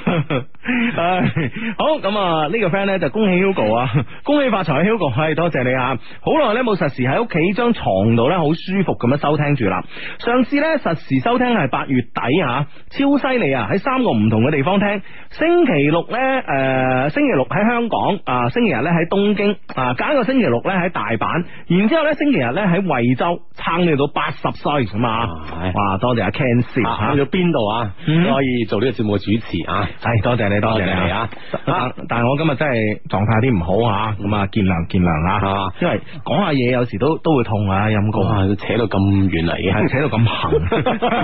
唉、這個，好咁呢個 friend 咧就是、恭喜 Hugo 啊， 恭喜發財 Hugo，係 多謝你啊！好耐咧冇實時喺屋企張床度咧，好舒服咁樣收聽住啦。上次咧實時收。都聽係八月底吓，超犀利啊！喺三個唔同嘅地方聽，星期六呢，誒，星期六喺香港，啊，星期日呢喺東京，隔一個星期六呢喺大阪，然之後呢星期日呢喺惠州撐你到八十歲咁啊！哇，多謝阿 Ken Sir 去咗邊度啊？可以做呢個節目嘅主持啊！係多謝你，多謝你啊！但係我今日真係狀態啲唔好吓，咁啊，見諒見諒吓，因為講下嘢有時都都會痛啊，音高扯到咁遠嚟嘅，扯到咁行。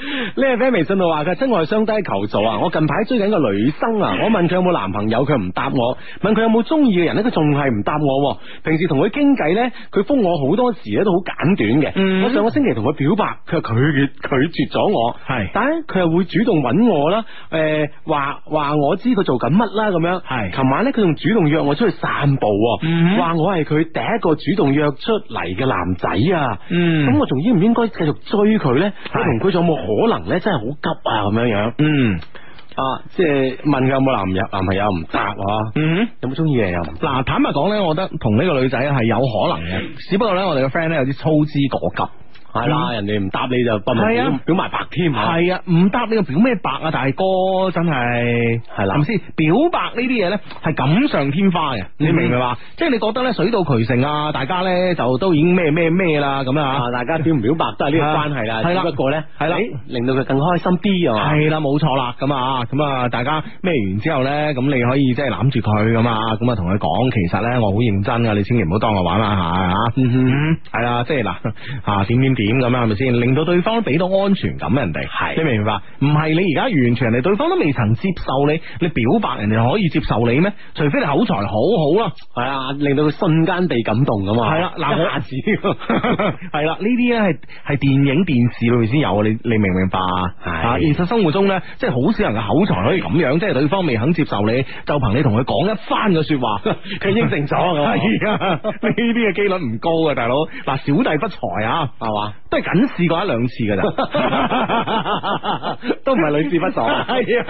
呢 friend 你係喺微信度話嘅真愛雙低求助啊！我近排追緊個女生啊，我問佢有冇男朋友，佢唔答我；問佢有冇中意嘅人咧，佢仲係唔答我。平時同佢傾偈呢，佢覆我好多時咧都好簡短嘅。嗯、我上個星期同佢表白，佢拒絕拒絕咗我。係是，但係佢又會主動揾我啦。誒、呃，話話我知佢做緊乜啦咁樣。係是，琴晚呢，佢仲主動約我出去散步，話、嗯、我係佢第一個主動約出嚟嘅男仔啊。嗯，咁我仲應唔應該繼續追佢呢？我同佢仲有冇？可能咧真係好急啊，咁樣樣，嗯，啊，即係問佢有冇男友，男朋友唔答，啊。嗯哼，有冇中意嘅人又，嗱、啊，坦白講呢，我覺得同呢個女仔係有可能嘅，嗯、只不過呢，我哋嘅 friend 呢有啲操之過急。係啦，人哋唔答你就不明表埋白添。係啊，唔答你個表咩白啊，大哥真係，係啦，係咪先？表白呢啲嘢咧係錦上添花嘅，你明唔明啊？即係你覺得咧水到渠成，啊，大家咧就都已經咩咩咩啦咁啊，大家表唔表白都係呢個關係啦。係啦，不過咧係啦，令到佢更開心啲啊嘛。係啦，冇錯啦，咁啊咁啊，大家咩完之後咧，咁你可以即係攬住佢咁啊，咁啊同佢講，其實咧我好認真噶，你千祈唔好當我玩啦吓。嗯哼，係啦，即係嗱啊點點。點咁啊？係咪先令到對方都俾到安全感人哋？係是你明唔明白？唔係你而家完全人哋對方都未曾接受你，你表白人哋可以接受你咩？除非你口才好好咯，係啊，令到佢瞬間被感動噶嘛？係啦的，那子係啦，呢啲咧係係電影電視裏面先有，你你明唔明白？係的現實生活中呢，即係好少人嘅口才可以咁樣，即係對方未肯接受你，就憑你同佢講一番嘅說話，佢應承咗。係啊 的，呢啲嘅機率唔高啊，大佬嗱，小弟不才啊，係嘛？都係僅試過一兩次噶咋，都唔係屢試不爽。係啊，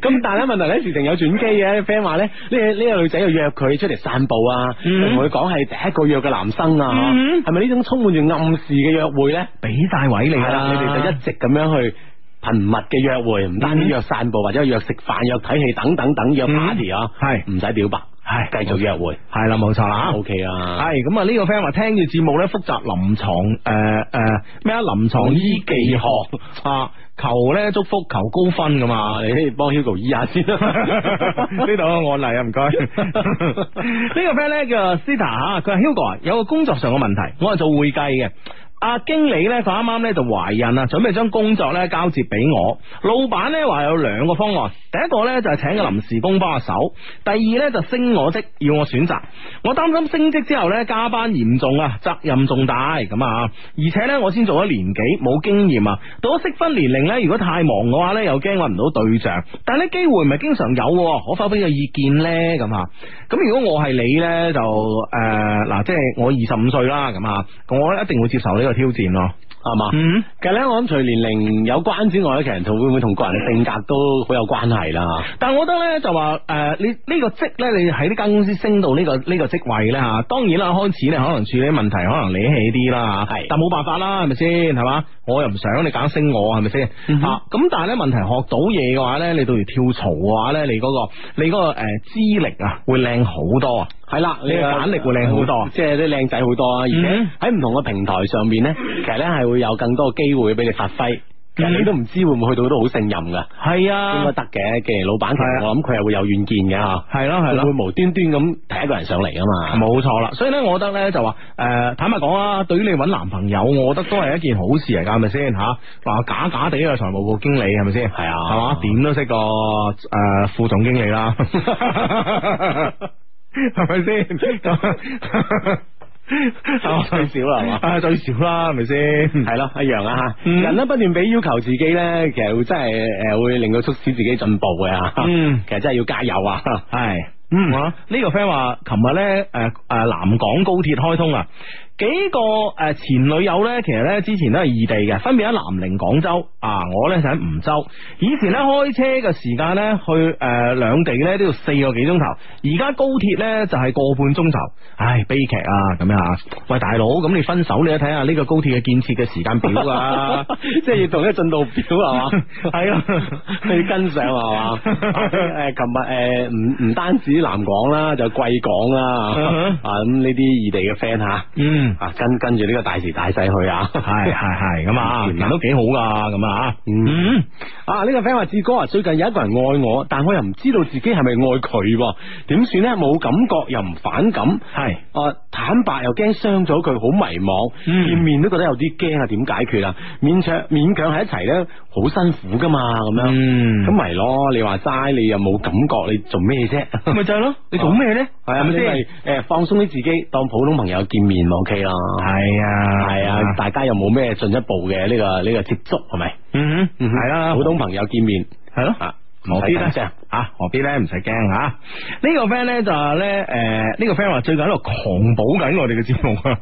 咁 但係咧問題咧事情有轉機嘅，friend 話咧呢呢個女仔又約佢出嚟散步，同佢講係第一個約嘅男生啊，係咪呢種充滿住暗示嘅約會咧？俾大位你啦，你哋就一直咁樣去頻密嘅約會，唔單止約散步、嗯、或者約食飯、約睇戲等等等，約 party 嗬、嗯，係唔使表白。係繼唉續約會，係啦冇錯啦，OK 啊，係咁、okay、啊呢個 friend 話聽住節目咧，複習臨床誒誒咩啊臨床醫技學啊，求咧祝福求高分噶嘛，你幫 Hugo 醫下先呢度，我嚟啊，唔 該， 呢 個 friend 咧叫 Sita 啊，佢話 Hugo 有個工作上嘅問題，我係做會計嘅。阿經理呢，佢啱啱呢就懷孕啦，準備將工作呢交接俾我。老闆呢話有兩個方案，第一個呢，就係請個臨時工幫下手，第二呢，就升我職，要我選擇。我擔心升職之後呢，加班嚴重啊，責任重大咁啊。而且呢，我先做咗年幾，冇經驗啊，到咗適婚年齡呢，如果太忙嘅話呢，又驚揾唔到對象。但係呢機會唔係經常有，可否俾個意見呢？咁啊，咁如果我係你呢，就誒嗱、呃，即係我二十五歲啦，咁啊，咁我一定會接受呢、這個。挑戰咯，係嘛？Mm hmm. 其實咧，我諗除年齡有關之外咧，其實同會唔會同個人嘅性格都好有關係啦。但係我覺得咧，就話誒、呃，你、這個、職呢個職咧，你喺呢間公司升到、這個這個、職位呢個呢個職位咧吓，當然啦，開始你可能處理問題可能理氣啲啦係，mm hmm. 但冇辦法啦，係咪先？係嘛，我又唔想你揀升我，係咪先？Mm hmm. 啊，咁但係咧，問題學到嘢嘅話咧，你到時跳槽嘅話咧，你嗰、那個你嗰、那個誒資歷啊，會靚好多啊！係 啦，你個簡歷會靚好多，嗯、即係啲靚仔好多啊！而且喺唔同嘅平台上面呢，其實呢係會有更多機會俾你發揮。其實你都唔知會唔會去到都好勝任噶係、啊、應該得嘅。既然老闆其實我諗、啊，佢係、啊啊、會有遠見嘅吓，係咯係咯，會無端端咁提一個人上嚟噶嘛？冇錯、啊啊、啦。所以呢，我覺得呢就話誒，坦白講啊。對於你搵男朋友，我覺得都係一件好事嚟噶，係咪先吓？嗱、啊，假假地個財務部經理，係咪先？係啊，係嘛、啊？點都識個誒副總經理啦。 係咪先？啊，最少啦係嘛，最少啦係咪先？係咯，一樣啊吓，啊人都不斷俾要求自己咧，嗯、其實會真係誒會令到促使自己進步嘅。嗯，其實真係要加油啊！係，嗯，呢、啊、個 friend 話，琴日咧誒誒，南廣高鐵開通啊。幾個誒前女友呢，其實呢，之前都係異地嘅，分別喺南寧、廣州啊。我呢，就喺梧州。以前呢，開車嘅時間呢，去誒兩地呢都要四個幾鐘頭，而家高鐵呢，就係個半鐘頭。唉，悲劇啊！咁樣啊，喂大佬，咁你分手你睇下呢個高鐵嘅建設嘅時間表啊， 即係要同一進度表係嘛，係啊 是吧， 你跟上係嘛。誒，琴日誒，唔、呃、唔單止南廣啦，就貴廣啦。啊咁呢啲異地嘅 friend 吓，啊、 嗯。跟跟住呢個大時大勢去，係係係咁啊，都幾好噶咁啊。嗯，呢個 friend 話志哥啊，最近有一個人愛我，但我又唔知道自己係咪愛佢，點算呢？冇感覺又唔反感，係是、啊、坦白又驚傷咗佢，好迷茫，嗯、見面都覺得有啲驚、嗯、啊！點解決啊？勉強勉強喺一齊呢，好辛苦噶嘛，咁樣，咁咪咯？你話齋，你又冇感覺，你做咩啫？咪 就係咯，你做咩呢？係咪先？誒、 啊，你放鬆啲自己，當普通朋友見面。Okay? 咯，係啊、哎，係啊、哎呀，大家又冇咩進一步嘅呢、這個呢、這個接觸係咪？嗯哼，係啦，普通朋友見面係咯，唔好意思，吓、啊，何必呢？唔使驚吓，呢個 friend 咧就話咧，誒、啊，呢個 friend 話最近喺度狂補緊我哋嘅節目，啊。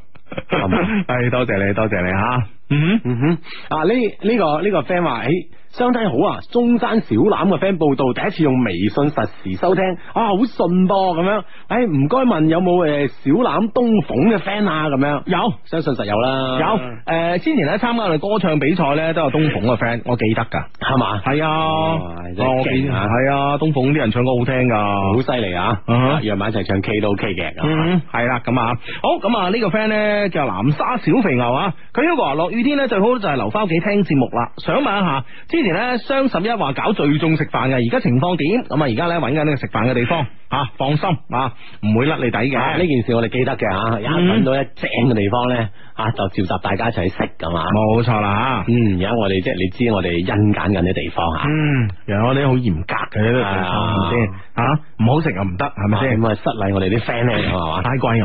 係多謝你，多謝你吓。啊嗯哼，嗯哼啊，呢呢個呢個 friend 話，誒，相睇好啊，中山小欖嘅 friend 報道，第一次用微信實時收聽啊，好順噃，咁樣。誒，唔該問有冇誒小欖東鳳嘅 friend 啊？咁樣有相信實有啦。有誒，之前咧參加我哋歌唱比賽咧，都有東鳳嘅 friend，我記得噶，係嘛？係啊，我見係啊，東鳳啲人唱歌好聽噶，好犀利啊，日日埋一齊唱 K 都 OK 嘅。嗯，係啦，咁啊好，咁啊呢個 friend 咧就南沙小肥牛啊，佢都話落。呢天呢最好就係留翻屋企聽節目啦。想問一下，之前呢雙十一話搞聚眾食飯嘅，而家情況點？咁啊，而家呢揾緊呢個食飯嘅地方吓、啊，放心啊，唔會甩你底嘅。呢、啊、件事我哋記得嘅吓，嗯、一揾到一正嘅地方呢。就召集大家一齊食噶嘛，冇錯啦。嗯，而家我哋即係你知我哋因揀緊啲地方吓。嗯，因為我哋好嚴格嘅呢啲地方，係咪先？吓，唔好食又唔得，係咪先？唔係失禮我哋啲 friend 嚟嘅，太貴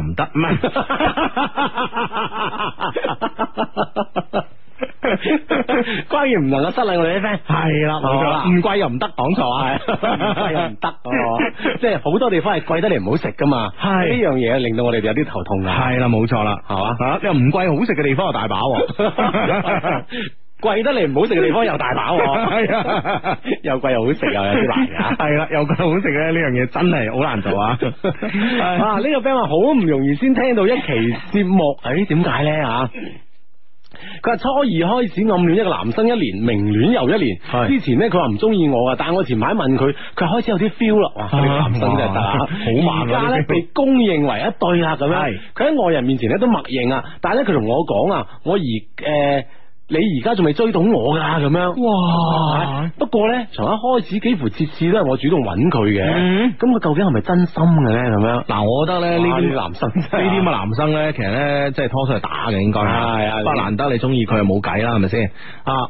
又唔得。關於唔能夠失禮我哋啲 friend，係啦，冇錯啦，唔貴又唔得，講錯係，貴又唔得，即係好多地方係貴得嚟唔好食噶嘛，係呢樣嘢令到我哋有啲頭痛噶，係啦，冇錯啦，係嘛，又唔貴好食嘅地方又大把，貴得嚟唔好食嘅地方又大把，係啊，又貴又好食又有啲難噶，係啦，又貴好食咧呢樣嘢真係好難做啊！哇，呢個 friend 話好唔容易先聽到一期節目，誒，點解咧啊？佢話初二開始暗戀一個男生一年，明戀又一年。是之前呢，佢話唔中意我啊，但係我前排問佢，佢開始有啲 feel 啦。哇，你男生嘅，好、啊、 慢家、啊、咧 被公認為一對啊，咁樣是。佢喺外人面前咧都默認啊，但係咧佢同我講啊，我而誒。呃你而家仲未追到我噶咁樣？哇！不過呢，從一開始幾乎次次都係我主動揾佢嘅。咁佢、嗯、究竟係咪真心嘅呢？咁樣嗱，哇我覺得咧呢啲男生，呢啲咁嘅男生呢，其實呢，即係拖出嚟打嘅應該係，但難得你中意佢冇計啦，係咪先？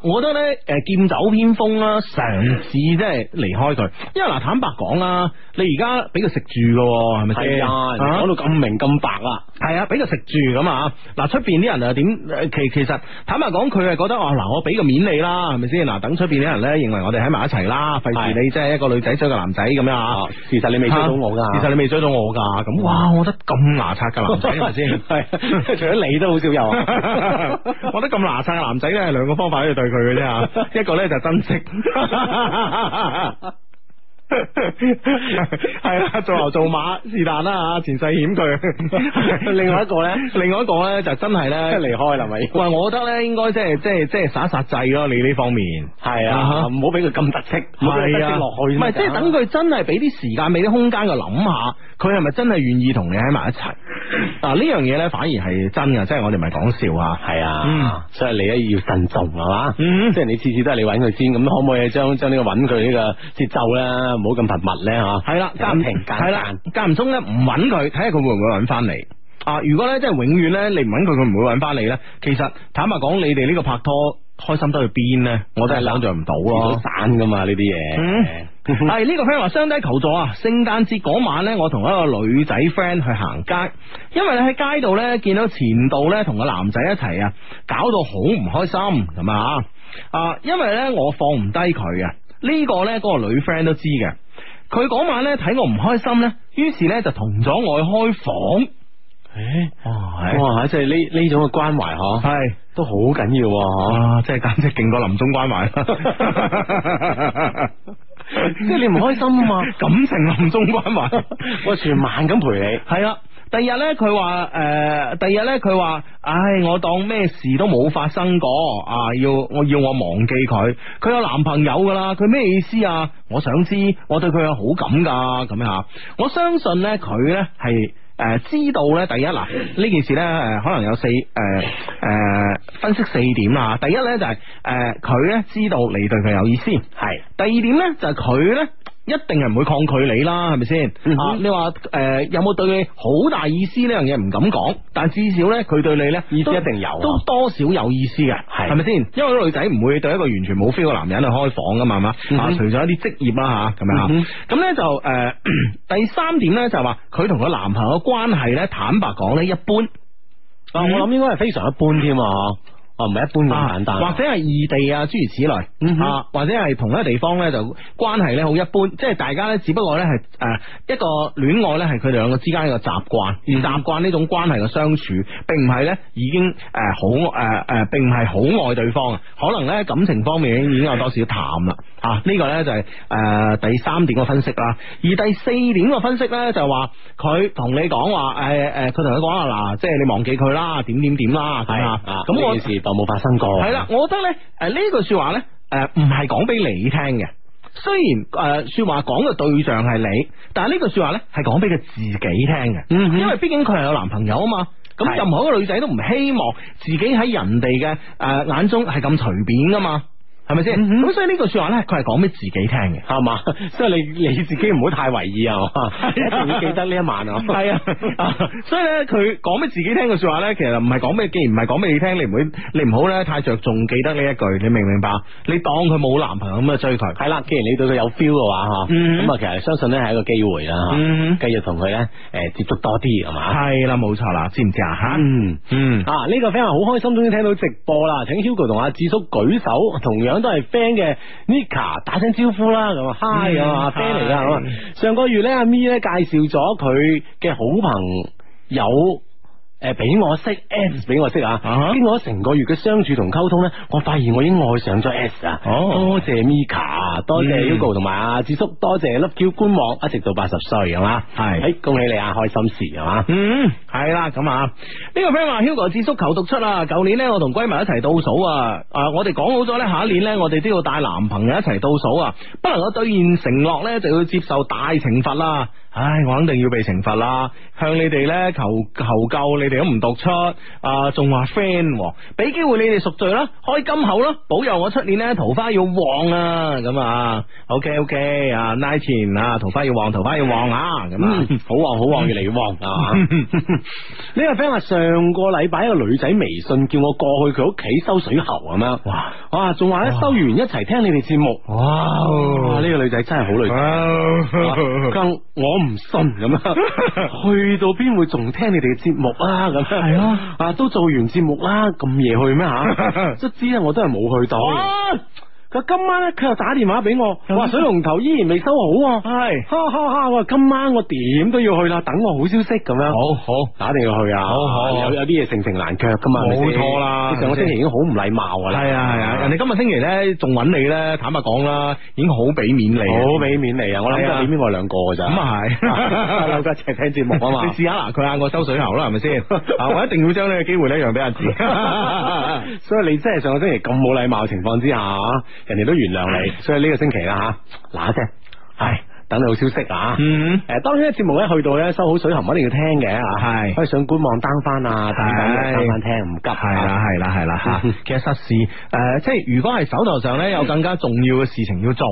我覺得呢，誒，劍走偏鋒啦，嘗試即係離開佢。因為嗱，坦白講啦，你而家俾佢食住噶，係咪先？講到咁明咁白啊！ 係啊，俾佢食住咁啊！嗱，出邊啲人啊，點？其其實坦白講，佢係覺得哦，嗱，我俾個面你啦，係咪先？嗱，等出邊啲人咧認為我哋喺埋一齊啦，費事你即係一個女仔是追個男仔咁樣啊！其實你未追到我噶，其實你未追到我噶，咁哇，我覺得咁牙刷嘅男仔係咪先？係， 除咗你都好少有。啊。 我覺得咁牙刷嘅男仔咧，係兩個方法可以對佢嘅啫， 一個咧就珍惜。 係啦， 做牛做馬是但啦吓，前世險佢。 另外一個咧，另外一個咧就真係咧離開啦了，係咪？喂，我覺得咧應該即係即係即係煞煞掣咯，你呢方面係的啊，唔好俾佢咁突出，的突出落去。唔係即係等佢真係俾啲時間、俾啲空間佢諗下，佢係咪真係願意同你喺埋一齊？嗱，呢樣嘢咧反而係真嘅，即係我哋唔係講笑啊，係啊、嗯，所以你咧要慎重係嘛，吧即係你次次都係你搵佢先，咁可唔可以將將呢個搵佢呢個節奏咧？唔好咁頻密呢，吓，係啦，係啦，間唔中呢，唔搵佢，睇下佢會唔會搵翻你。啊？如果呢，即係永遠呢，你唔搵佢，佢唔會搵翻你呢。其實坦白講，你哋呢個拍拖開心得去邊呢？的我都係想象唔到啊，散噶嘛呢啲嘢。係呢、嗯 這個 friend 話相低求助啊！聖誕節嗰晚呢，我同一個女仔 friend 去行街，因為喺街度呢，見到前度呢同個男仔一齊啊，搞到好唔開心咁啊！因為呢，我放唔低佢啊。呢、這個呢，嗰、那個女 friend 都知嘅。佢嗰晚呢，睇我唔開心呢，於是呢，就同咗我去開房。誒、欸，哇，係即係呢呢種嘅關懷嗬，係、啊、都好緊要嗬、啊，即係簡直勁過臨終關懷。 即係你唔開心啊嘛， 感情臨終關懷，我 全晚咁陪你係啊。第日呢，佢話誒，第日呢，佢話，唉，我當咩事都冇發生過啊，要我要我忘記佢，佢有男朋友噶啦，佢咩意思啊？我想知，我對佢有好感噶，咁樣吓？我相信呢，佢呢係誒知道呢。第一啦，呢件事呢，誒，可能有四誒誒、呃呃、分析四點啦。第一呢、就是，就係誒，佢呢，知道你對佢有意思，係是。第二點呢，就係佢呢……」一定係唔會抗拒你啦，係咪先？吓、嗯哼啊，你話誒、呃，有冇對佢好大意思呢樣嘢唔敢講？但至少呢，佢對你呢意思都一定有，啊、都多少有意思嘅，係咪先？是因為個女仔唔會對一個完全冇 feel 嘅男人去開房噶嘛，係嘛、嗯哼啊？啊，除咗一啲職業啦吓，咁樣。咁呢就誒、呃，第三點呢，就係話佢同個男朋友嘅關係呢，坦白講呢，一般。啊、嗯，我諗應該係非常一般添。哦，唔係一般咁簡單，啊，或者係異地啊，諸如此類，嗯、哼啊，或者係同一個地方呢，就關係呢好一般，即係大家呢，只不過呢係誒一個戀愛呢係佢哋兩個之間一個習慣，而、嗯、習慣呢種關係嘅相處，並唔係呢已經誒、呃、好誒誒、呃，並唔係好愛對方啊，可能呢，感情方面已經有多少淡啦啊，呢、這個呢就係、是、誒、呃、第三點嘅分析啦，而第四點嘅分析呢，就係話佢同你講話誒誒，佢同你講話嗱，即係你忘記佢啦，點點點啦，係啊，咁我。我冇發生過。係啦，我覺得咧，誒、呃、呢句說話呢，誒唔係講俾你聽嘅。雖然誒、呃、說話講嘅對象係你，但係呢句說話呢係講俾佢自己聽嘅。嗯哼，因為畢竟佢係有男朋友啊嘛，咁任何一個女仔都唔希望自己喺人哋嘅誒眼中係咁隨便噶嘛。係咪先？咁、mm hmm. 所以呢句說話呢，佢係講俾自己聽嘅，係嘛？所以你你自己唔好太為意啊， 你一定要記得呢一晚啊。係 是啊， 所以呢，佢講俾自己聽嘅說話呢，其實唔係講俾既然唔係講俾你聽，你唔好你唔好咧太着重記得呢一句，你明唔明白？ 你當佢冇男朋友咁追佢。係啦，既然你對佢有 feel 嘅話，嗬、mm，咁啊，其實相信呢係一個機會啦，嗬，繼續同佢呢誒接觸多啲，係嘛？係啦，冇錯啦，知唔知啊？吓，嗯啊呢個 friend 好開心，終於聽到直播啦，請 Hugo 同阿智叔舉手，同樣。都係 friend 嘅，Nika 打聲招呼啦，咁米啊 hi，咁啊 friend 嚟噶，咁啊 上個月咧，阿咪咧介紹咗佢嘅好朋友。誒，俾我識 S，俾我識啊！Uh huh. 經過成個月嘅相處同溝通呢，我發現我已經愛上咗 S 啊！ oh. 多謝 Mika，多謝 Hugo 同埋阿智叔，多謝 LoveQ 官網，一直到八十歲係嘛？係，mm. hey, 恭喜你啊，開心事係嘛？嗯，係啦、mm.，咁啊，呢、這個 friend 話 Hugo 智叔求讀出啊。舊年呢，我同閨蜜一齊倒數啊！誒，我哋講好咗呢，下一年呢，我哋都要帶男朋友一齊倒數啊！不能夠兌現承諾呢，就要接受大懲罰啦！唉、哎，我肯定要被懲罰啦！向你哋咧求求救，你哋都唔讀出，啊，仲話 friend，俾、哦、機會你哋贖罪啦，開金口啦，保佑我出年咧桃花要旺啊！咁啊，OK OK，啊，night 前啊，桃花要旺，桃花要旺啊！咁啊、嗯嗯，好旺好旺，旺，越嚟越旺啊！呢個 friend 話上個禮拜一個女仔微信叫我過去佢屋企收水喉咁、啊、樣，哇哇，仲話咧收完一齊聽你哋節目，哇！呢哇、呢個女仔真係好女仔，更我。唔信咁啊， 去到邊會仲聽你哋嘅節目啊？咁係咯，都做完節目啦，咁夜去咩吓？卒之、 啊，咧，我都係冇去到。佢今晚咧，佢又打電話俾我，話水龍頭依然未修好，係，哈哈哈！今晚我點都要去啦，等我好消息咁樣。好好，打定要去，好好，有有啲嘢盛情難卻噶嘛，冇錯啦。上個星期已經好唔禮貌啦，係啊係啊，人哋今日星期咧仲搵你咧，坦白講啦，已經好俾面你，好俾面你啊！我諗得點邊外兩個噶咋？咁啊係，大家一齊聽節目啊嘛。你試下嗱，佢嗌我收水喉啦，係咪先？我一定要將呢個機會咧讓俾阿志。所以你真係上個星期咁冇禮貌情況之下人哋都原諒你，所以呢個星期啦吓，嗱即係，唉，等你好消息啊！嗯，誒，當然節目咧去到咧收好水喉，一定要聽嘅啊，係可以上官網 down 翻啊，大家慢慢聽，唔急，係啦係啦係啦吓，其實實事誒，即係如果係手頭上咧有更加重要嘅事情要做，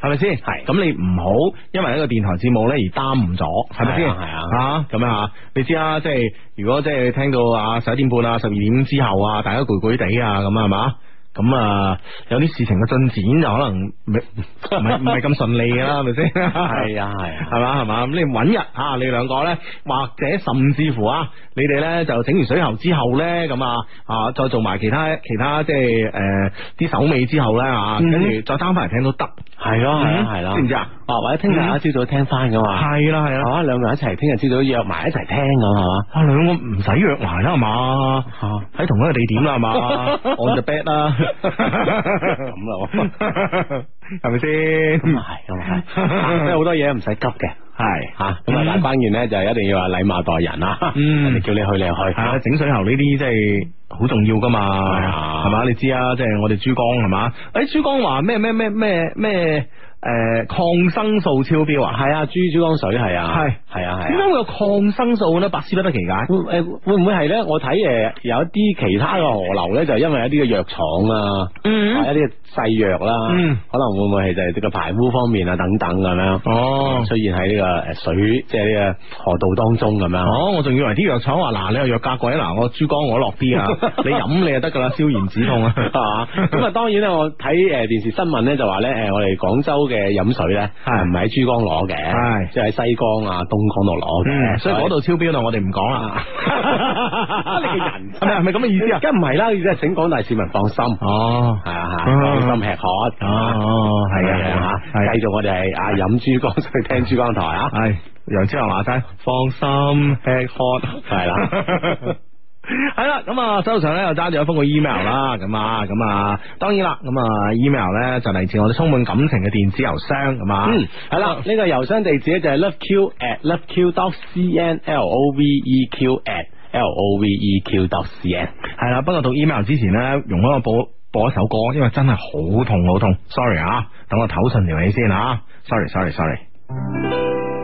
係咪先？係咁你唔好因為一個電台節目咧而耽誤咗，係咪先？係啊，咁樣吓，你知啦，即係如果即係聽到啊十一點半啊十二點之後啊，大家攰攰地啊，咁係嘛？咁啊、嗯，有啲事情嘅進展就可能唔係唔係咁順利噶啦，係咪先？係啊，係，係嘛，係嘛。咁你搵日啊，你兩個咧，或者甚至乎啊，你哋咧就整完水喉之後咧，咁啊啊，再做埋其他其他即係誒啲手尾之後咧、嗯、啊，跟住再翻嚟聽都得。係咯，係咯，係啦，知唔知啊？啊知或者聽日一朝早聽翻噶嘛？係啦、嗯，係啦。啊，兩、啊、個人一齊聽日朝早約埋一齊聽咁係嘛？兩個唔使約埋啦，係嘛？喺同一個地點啦，係嘛？我就 bet 啦。咁咯，係咪先？咁啊係，咁啊係，即係好多嘢唔使急嘅，係吓。咁啊，但關鍵咧就係一定要話禮貌待人啊。嗯， 叫你去你去，係啊， 整水喉呢啲即係好重要噶嘛，係嘛？ 你知啊，即、就、係、是、我哋珠江係嘛？誒、哎，珠江話咩咩咩咩咩？誒、呃，抗生素超標啊？係啊，珠，珠江水係啊，係係啊係。點解、啊、會有抗生素咧？百思不得其解。誒，會唔會係咧？我睇誒、呃，有一啲其他嘅河流咧，就係、因為一啲嘅藥廠啊，嗯，啊、一啲細藥啦，嗯、可能會唔會係就係呢個排污方面啊等等咁、啊、樣。哦。出現喺呢個誒水，即係呢個河道當中咁樣。哦，我仲以為啲藥廠話嗱，你個藥價貴，嗱我珠江我落啲啊， 你飲你就得噶啦，消炎止痛啊，係嘛？咁啊，當然咧，我睇誒電視新聞咧就話咧，誒我哋廣州嘅。嘅飲水咧，係唔係喺珠江攞嘅？係即係喺西江啊、東江度攞嘅，所以嗰度超標啊！我哋唔講啊，你人係咪係咪咁嘅意思啊？梗唔係啦，即係請廣大市民放心哦，係啊，放心吃喝哦，係啊，嚇，繼續我哋係飲珠江，再聽珠江台啊，係楊超嬅話齋，放心吃喝，係啦。係啦，咁啊，手上咧又揸住一封嘅 email 啦，咁啊，咁啊，當然啦，咁啊 email 咧就嚟自我哋充滿感情嘅電子郵箱，咁啊，嗯，係啦，呢個郵箱地址咧就係 loveq at loveq dot c n l o v e q at l o v e q dot c n，係啦，不過讀 email 之前咧，容許我播播一首歌，因為真係好痛好痛，sorry 啊，等我抖順條氣先啊，sorry sorry sorry。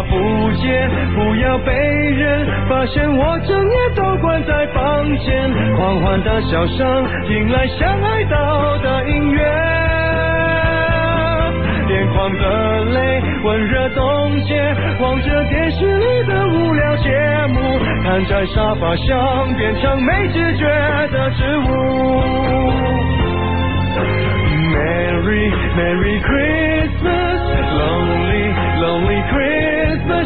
不接，不要被人發現，我整夜都關在房間。狂歡的笑聲，聽來像哀悼的音樂。眼眶的淚，温熱凍結，望着電視裏的無聊節目，癱在沙發，想變成沒知覺的植物。Merry Merry Christmas，Lonely Lonely Christmas。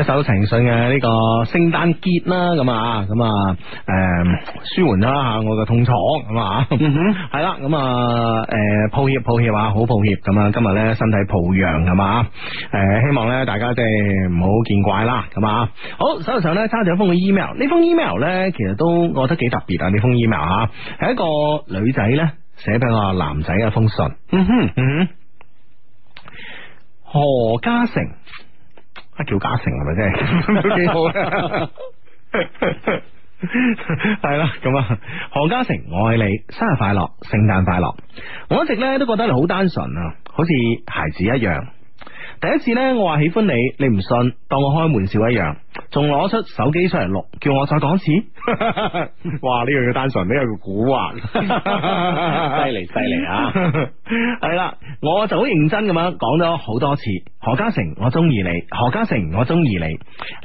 一首情信嘅呢個聖誕節啦，咁啊咁啊，誒、嗯，舒緩啦下我嘅痛楚，咁啊，嗯哼，係、嗯、啦，咁啊，誒，抱歉抱歉啊，好抱歉，咁啊，今日咧身體抱恙，係嘛，誒，希望咧大家即係唔好見怪啦，咁啊，好，手頭上咧揸住一封嘅 email，em 呢封 email 咧其實都我覺得幾特別啊，呢封 email 啊，係一個女仔咧寫俾我男仔嘅封信，嗯哼嗯哼、嗯，何嘉誠。叫嘉誠係咪真係？都幾好嘅，係啦。咁啊，是是 Okay . 何嘉誠，我愛你，生日快樂，聖誕快樂。我一直咧都覺得你好單純啊，好似孩子一樣。第一次呢，我話喜歡你，你唔信，當我開玩笑一樣，仲攞出手機出嚟錄，叫我再講一次。 哇，呢樣叫單純，呢樣叫蠱惑，犀利犀利啊！係啦， 我就好認真咁樣講咗好多次，何嘉誠，我中意你，何嘉誠，我中意你。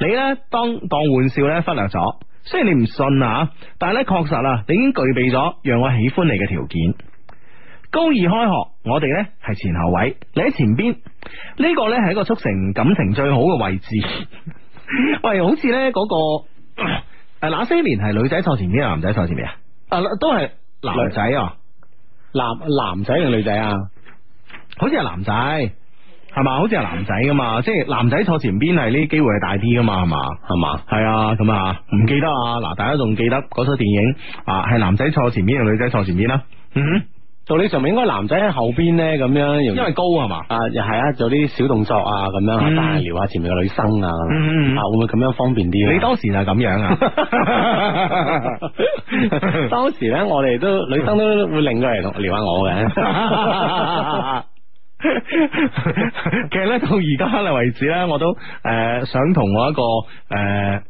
你呢，當當玩笑呢，忽略咗，雖然你唔信啊，但係咧確實啊，你已經具備咗讓我喜歡你嘅條件。高二開學，我哋呢係前後位，你喺前邊，呢、這個呢係一個促成感情最好嘅位置。 喂，好似呢嗰個誒，那些、個呃、年係女仔坐前邊，男仔坐前邊啊？誒，都係男仔啊，男男仔定女仔吧啊？好似係男仔，係嘛？好似係男仔噶嘛？即係男仔坐前邊係呢機會係大啲噶嘛？係嘛？係嘛？係啊，咁啊，唔記得啊？嗱，大家仲記得嗰出電影啊？係男仔坐前邊定女仔坐前邊啦？嗯哼。道理上面應該男仔喺後邊咧，咁樣，因為高係嘛？啊，又係啊，做啲小動作啊咁樣，但係、嗯、撩下前面嘅女生啊，嗯嗯嗯會唔會咁樣方便啲？你當時就咁樣啊？ 當時咧，我哋都女生都會令佢嚟撩下我嘅。 其實咧，到而家嚟為止咧，我都誒、呃、想同我一個誒。呃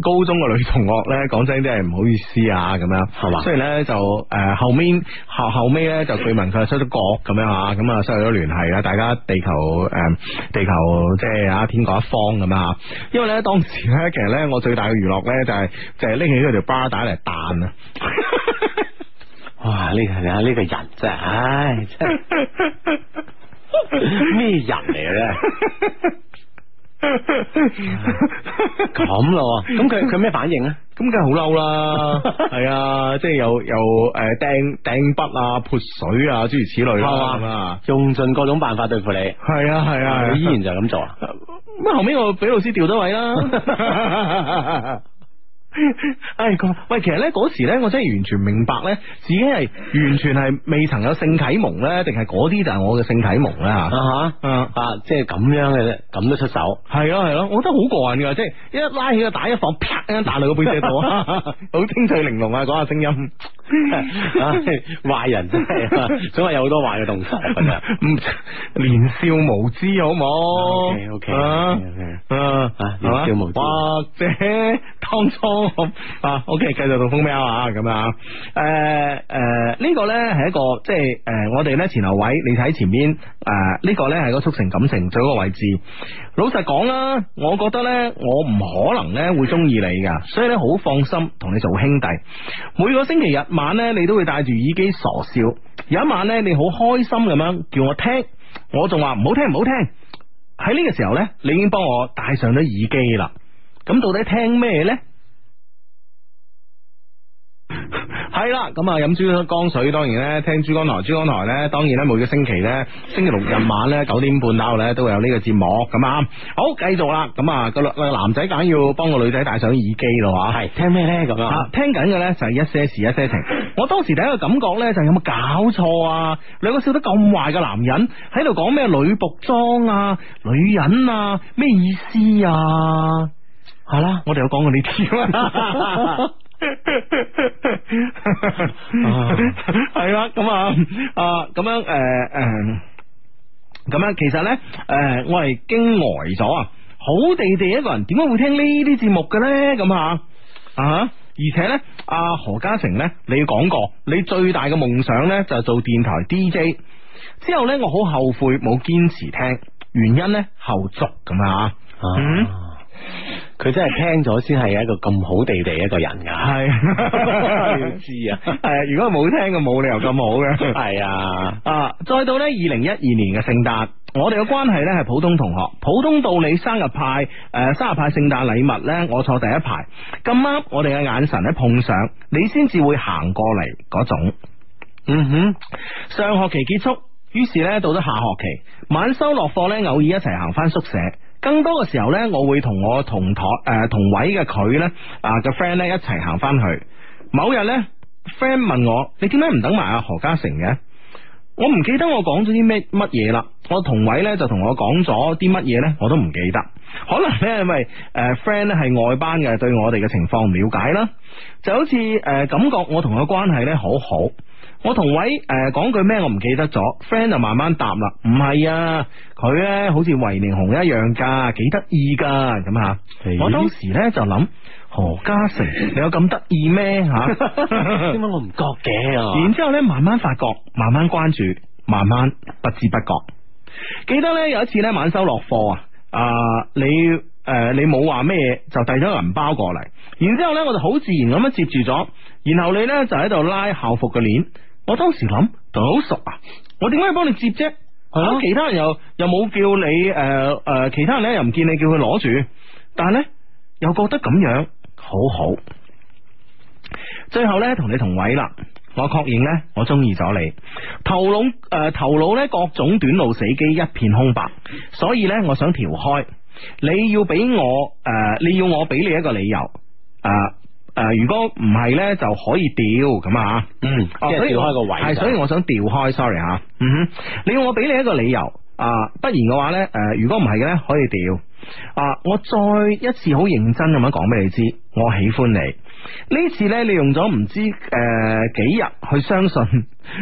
高中嘅女同學呢，講真真係唔好意思啊，咁樣係嘛，所以呢，就、呃、誒後面後後尾呢，就據聞佢出咗國咁樣啊，咁啊失去咗聯繫啦，大家地球誒、呃、地球即係天各一方咁樣啊，因為呢，當時呢，其實呢，我最大嘅娛樂呢，就係就係拎起嗰條巴帶嚟彈啊， 哇，呢個呢個人真唉咩人嚟嘅呢？ 咁咯，咁佢佢咩反應啊？咁梗係好嬲啦，係 啊，即係又又誒掟掟筆啊潑水啊，諸如此類啦、啊， 用盡各種辦法對付你，係啊係啊，佢、啊啊嗯、依然就係咁做啊，咁、 啊、後尾我俾老師調咗位啦。 哎，佢喂，其實咧嗰時咧，我真係完全明白咧，自己係完全係未曾有性啟蒙咧，定係嗰啲就係我嘅性啟蒙咧吓，吓，啊，即係咁樣嘅啫，咁都出手，係咯係咯，我覺得好過癮噶，即係一拉起個帶一放，啪一打彈落個背脊度，好清脆玲瓏啊，講下聲音，啊，壞人真係，總係有好多壞嘅動作。唔年少無知好冇？OK k 啊年少無知或者。當初啊，OK，繼續到風喵啊，咁樣誒誒，呢、嗯嗯這個咧係一個即係誒、呃，我哋呢前後位，你睇前面，誒、呃，呢、這個呢係個促成感情最嗰個位置。老實講啦，我覺得呢，我唔可能呢會中意你噶，所以呢好放心同你做兄弟。每個星期日晚呢，你都會戴住耳機傻笑，有一晚呢，你好開心咁樣叫我聽，我仲話唔好聽唔好聽。喺呢個時候呢，你已經幫我戴上咗耳機啦。咁到底聽咩咧？係啦， 咁飲珠江水，當然咧，聽珠江台，珠江台咧，當然咧，每個星期咧，星期六日晚咧九點半打後咧，都會有呢個節目咁啊。好，繼續啦，咁啊個男男仔梗要幫個女仔戴上耳機咯，話係聽咩呢？咁 啊，聽緊嘅呢，就係一些事，一些情。我當時第一個感覺咧就係有冇搞錯啊？兩個笑得咁壞嘅男人喺度講咩女僕裝啊，女人啊，咩意思啊？係啦、啊，我哋有講過呢啲啦。係啊，咁 啊，咁樣誒誒，咁、呃嗯、樣其實咧，誒、呃，我係驚呆咗啊！好地地一個人，點解會聽節呢啲節目嘅咧？咁啊啊！而且咧，阿何嘉誠咧，你講過，你最大嘅夢想咧就係做電台 DJ。之後咧，我好後悔冇堅持聽，原因咧後續咁啊。嗯、啊。佢真係聽咗先係一個咁好地地一個人噶，知啊？係、啊 啊、如果冇聽過，佢冇理由咁好嘅。係啊，啊，再到呢二零一二年嘅聖誕，我哋嘅關係呢係普通同學，普通到你生日派，誒、呃、生日派聖誕禮物呢，我坐第一排，咁啱我哋嘅眼神咧碰上，你先至會行過嚟嗰種。嗯哼，上學期結束，於是呢到咗下學期，晚修落課呢，偶爾一齊行翻宿舍。更多嘅時候呢，我會同我同台誒、呃、同位嘅佢呢，啊嘅 friend 呢，一齊行翻去。某日呢 friend 問我：你點解唔等埋阿何嘉誠嘅？我唔記得我講咗啲咩乜嘢啦。我同位呢，就同我講咗啲乜嘢呢？我都唔記得。可能呢，因為誒 friend 咧係外班嘅，對我哋嘅情況唔了解啦。就好似誒、呃、感覺我同佢關係呢，好好。我同位誒講、呃、句咩？我唔記得咗。friend 就慢慢答啦，唔係啊，佢呢好似維尼熊一樣噶，幾得意噶咁啊！欸、我當時呢就諗何家成，你有咁 得意咩，啊？吓，點解我唔覺嘅？然之後咧，慢慢發覺，慢慢關注，慢慢不知不覺。記得呢有一次咧，晚修落課啊，你誒、呃、你冇話咩就遞咗個銀包過嚟。然之後咧，我就好自然咁樣接住咗，然後你呢，就喺度拉校服嘅鏈。我當時諗，同你好熟啊，我點解要幫你接啫？咁其他人又又冇叫你誒誒、呃，其他人咧又唔見你叫佢攞住，但係咧又覺得咁樣好好。最後咧同你同位啦，我確認咧我中意咗你，頭腦誒、呃、頭腦咧各種短路死機，一片空白，所以咧我想調開。你要俾我誒、呃，你要我俾你一個理由誒。呃誒，如果唔係呢，就可以調咁啊。嗯，即係調開個位。係，所以我想調開。Sorry 啊。嗯，你要我俾你一個理由。啊，不然嘅話呢，誒、啊，如果唔係嘅呢，可以調。啊，我再一次好認真咁樣講俾你知，我喜歡你。呢次呢，你用咗唔知誒、呃、幾日去相信，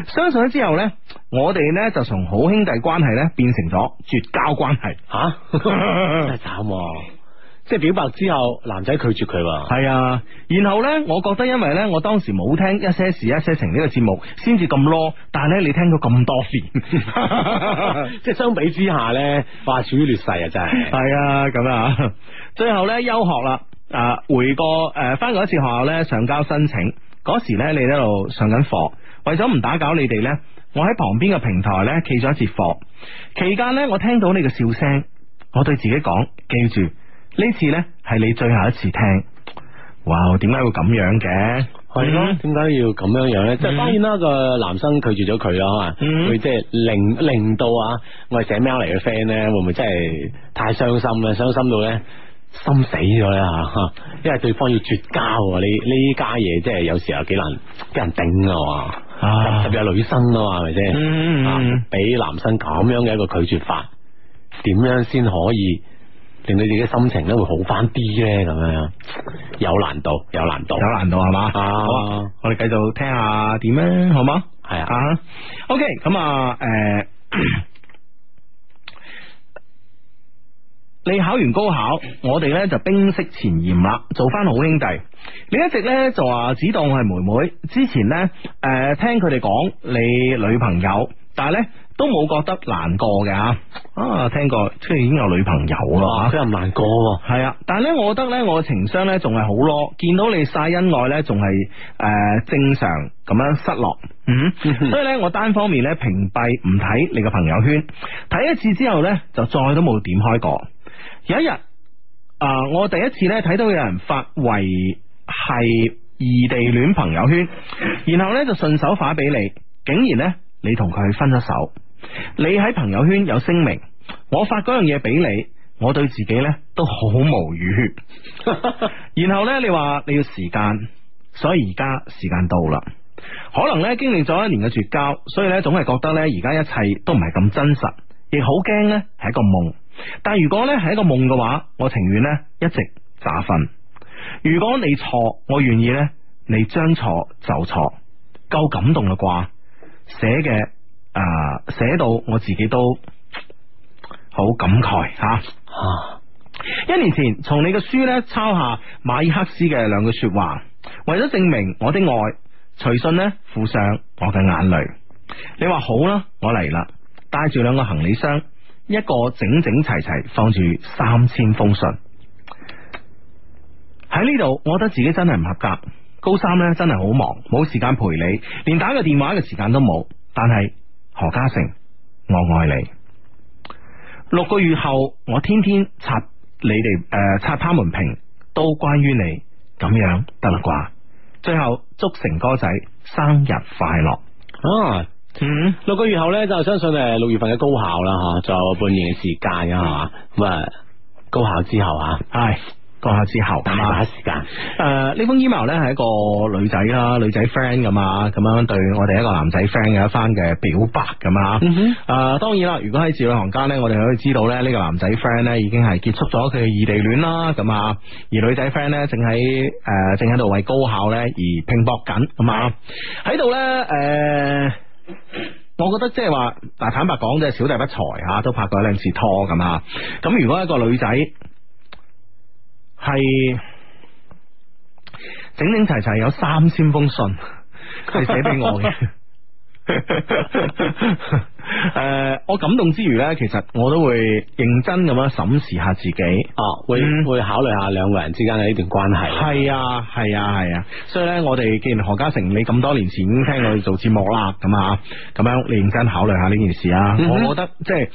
相信咗之後呢，我哋呢就從好兄弟關係呢變成咗絕交關係。吓、啊，真係慘、啊。即係表白之後，男仔拒絕佢。係、啊，然後呢，我覺得因為呢，我當時冇聽一些事一些情呢個節目，先至咁囉。但係呢，你聽咗咁多年， 即係相比之下呢，話處於劣勢啊，真係。係咁啊，啊，最後呢，休學啦。啊，回過誒，翻、呃過，呃、過一次學校呢，上交申請嗰時呢，你喺度上緊課，為咗唔打攪你哋呢，我喺旁邊嘅平台呢，企咗一節課。期間呢，我聽到你嘅笑聲，我對自己講，記住。呢次呢，係你最後一次聽，哇！點解會咁樣嘅？係咯、mm，點、hmm. 解要咁樣樣呢？Mm hmm. 即係當然啦，這個男生拒絕咗佢啊嘛，mm hmm. 會即係令令到啊我寫喵嚟嘅 friend 呢，會唔會真係太傷心喇？傷心到呢，心死咗啊！因為對方要絕交，呢、啊、呢家嘢即係有時候幾難俾人頂啊！哇，特別係女生啊嘛，係咪先？啊，俾、mm hmm. 啊、男生咁樣嘅一個拒絕法，點樣先可以？令你自己心情都會好翻啲咧，咁樣有難度，有難度， 有難度係嘛、啊？好，我哋繼續聽下點咧，好、okay, 嘛、嗯？係啊，OK，咁誒，你考完高考，我哋咧就冰釋前嫌啦，做翻好兄弟。你一直咧就話只當我係妹妹，之前咧誒聽佢哋講你女朋友，但係咧。都冇覺得難過嘅吓、啊啊，聽過即係已經有女朋友啦、啊，即係唔難過。係啊，但係咧，我覺得咧，我情商咧仲係好咯。見到你晒恩愛咧，仲係誒正常咁樣失落。嗯， 所以咧，我單方面咧屏蔽唔睇你嘅朋友圈。睇一次之後咧，就再都冇點開過。有一日啊、呃，我第一次咧睇到有人發為係異地戀朋友圈，然後咧就順手發俾你，竟然咧你同佢分咗手。你喺朋友圈有聲明，我發嗰樣嘢俾你，我對自己呢都好無語。 然後呢，你話你要時間，所以而家時間到啦。可能呢，經歷咗一年嘅絕交，所以呢，總係覺得呢，而家一切都唔係咁真實，亦好驚呢，係一個夢。但如果呢，係一個夢嘅話，我情願呢一直詐瞓。如果你錯，我願意呢，你將錯就錯，夠感動啦啩？寫嘅。呃、寫到我自己都好感慨吓。啊、一年前從你嘅書呢抄下馬爾克斯嘅兩句說話，為咗證明我的愛，隨信呢，附上我嘅眼淚。你話好啦，我嚟啦，帶住兩個行李箱，一個整整齊齊放住三千封信。喺呢度，我覺得自己真係唔合格。高三呢，真係好忙，冇時間陪你，連打個電話嘅時間都冇。但係。何嘉誠，我愛你。六個月後，我天天刷你哋，誒，刷他們評都關於你，咁樣得啦啩。最後祝成哥仔生日快樂啊！嗯，六個月後呢，就相信誒六月份嘅高考啦吓，就半年嘅時間噶係嘛，咁啊高考之後啊，係、哎。講下之後，等下時間。誒、呃，呢封 email 呢係一個女仔啦，女仔 friend 咁啊，咁樣對我哋一個男仔 friend 嘅一番嘅表白咁啊。誒、嗯哼呃，當然啦，如果喺字裏行間呢，我哋可以知道咧，呢個男仔 friend 呢已經係結束咗佢嘅異地戀啦。咁啊，而女仔 friend 呢，正喺誒正喺度為高考呢而拼搏緊。咁啊，喺度呢，誒、呃，我覺得即係話，但坦白講，即係小弟不才吓，都拍過一兩次拖咁啊。咁如果一個女仔，係整整齊齊有三千封信，係寫俾我嘅。誒，我感動之餘呢，其實我都會認真咁樣審視下自己，啊，會、嗯、會考慮下兩個人之間嘅呢段關係。係、嗯、啊，係啊，係啊，啊。所以呢，我哋既然何嘉成你咁多年前已經聽我哋做節目啦，咁啊，咁樣你認真考慮下呢件事啊。嗯、哼我覺得即係誒、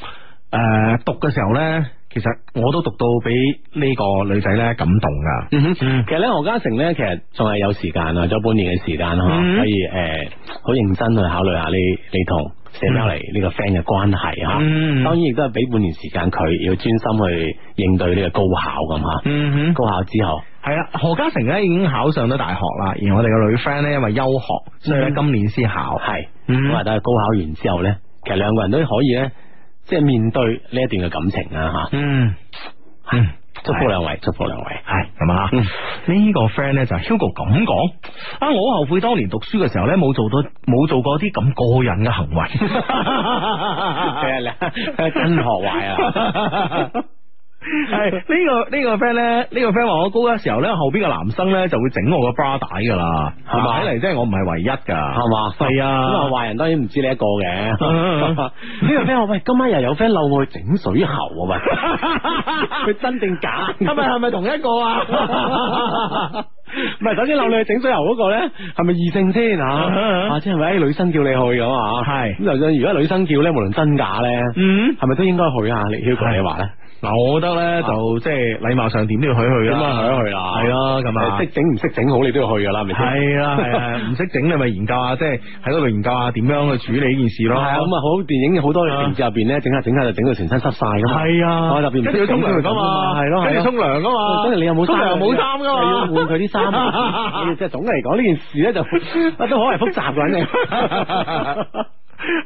呃，讀嘅時候呢。其實我都讀到俾呢個女仔咧感動噶，嗯哼嗯、其實咧何家成咧其實仲係有時間啊，仲有半年嘅時間嗬，可、嗯、哼以誒好、呃、認真去考慮下你你同寫喵嚟，呢個 friend 嘅關係吓，嗯、哼當然亦都係俾半年時間佢要專心去應對呢個高考咁吓，嗯哼，高考之後係啊、嗯，何家成咧已經考上咗大學啦，而我哋嘅女 friend 咧因為休學，所以喺今年先考，係咁啊，等佢是、嗯、哼高考完之後咧，其實兩個人都可以咧。即係面對呢一段嘅感情啊，吓，嗯，的嗯，祝福兩位，祝福兩位，係係嘛，呢個 friend 咧就係 Hugo 咁講啊，我好後悔當年讀書嘅時候咧，冇做到冇做過啲咁過癮嘅行為， 真學壞壞啊！ 係呢個呢個 friend 咧，呢個 friend 話我高嘅時候咧，後邊個男生咧就會整我個 bra 帶噶啦，睇嚟即係我唔係唯一噶，係嘛？係咁壞人當然唔知呢一個嘅。呢個 friend 話喂，今晚又有 friend 漏我去整水喉啊？嘛？佢真定假？係咪？係咪同一個啊？唔係，首先漏你去整水喉嗰個咧，係咪異性先啊？即係咪女生叫你去咁啊？係咁就算，如果女生叫咧，無論真假咧，嗯，係咪都應該去啊？李曉你話咧？嗱，我覺得咧就即係禮貌上點都要去去啦，點都去啦，係咯咁啊，識整唔識整好你都要去噶啦，係咪先？係啊，係啊，唔識整你咪研究下，即係喺嗰度研究下點樣去處理呢件事咯。咁啊好，電影好多情節入邊咧，整下整下就整到全身濕晒噶嘛。係啊，我特別唔中意沖涼噶嘛，係咯，係沖涼噶嘛。當然你又冇衫？沖涼冇衫噶嘛，要換佢啲衫。即係總嘅嚟講，呢件事咧就都好係複雜嘅。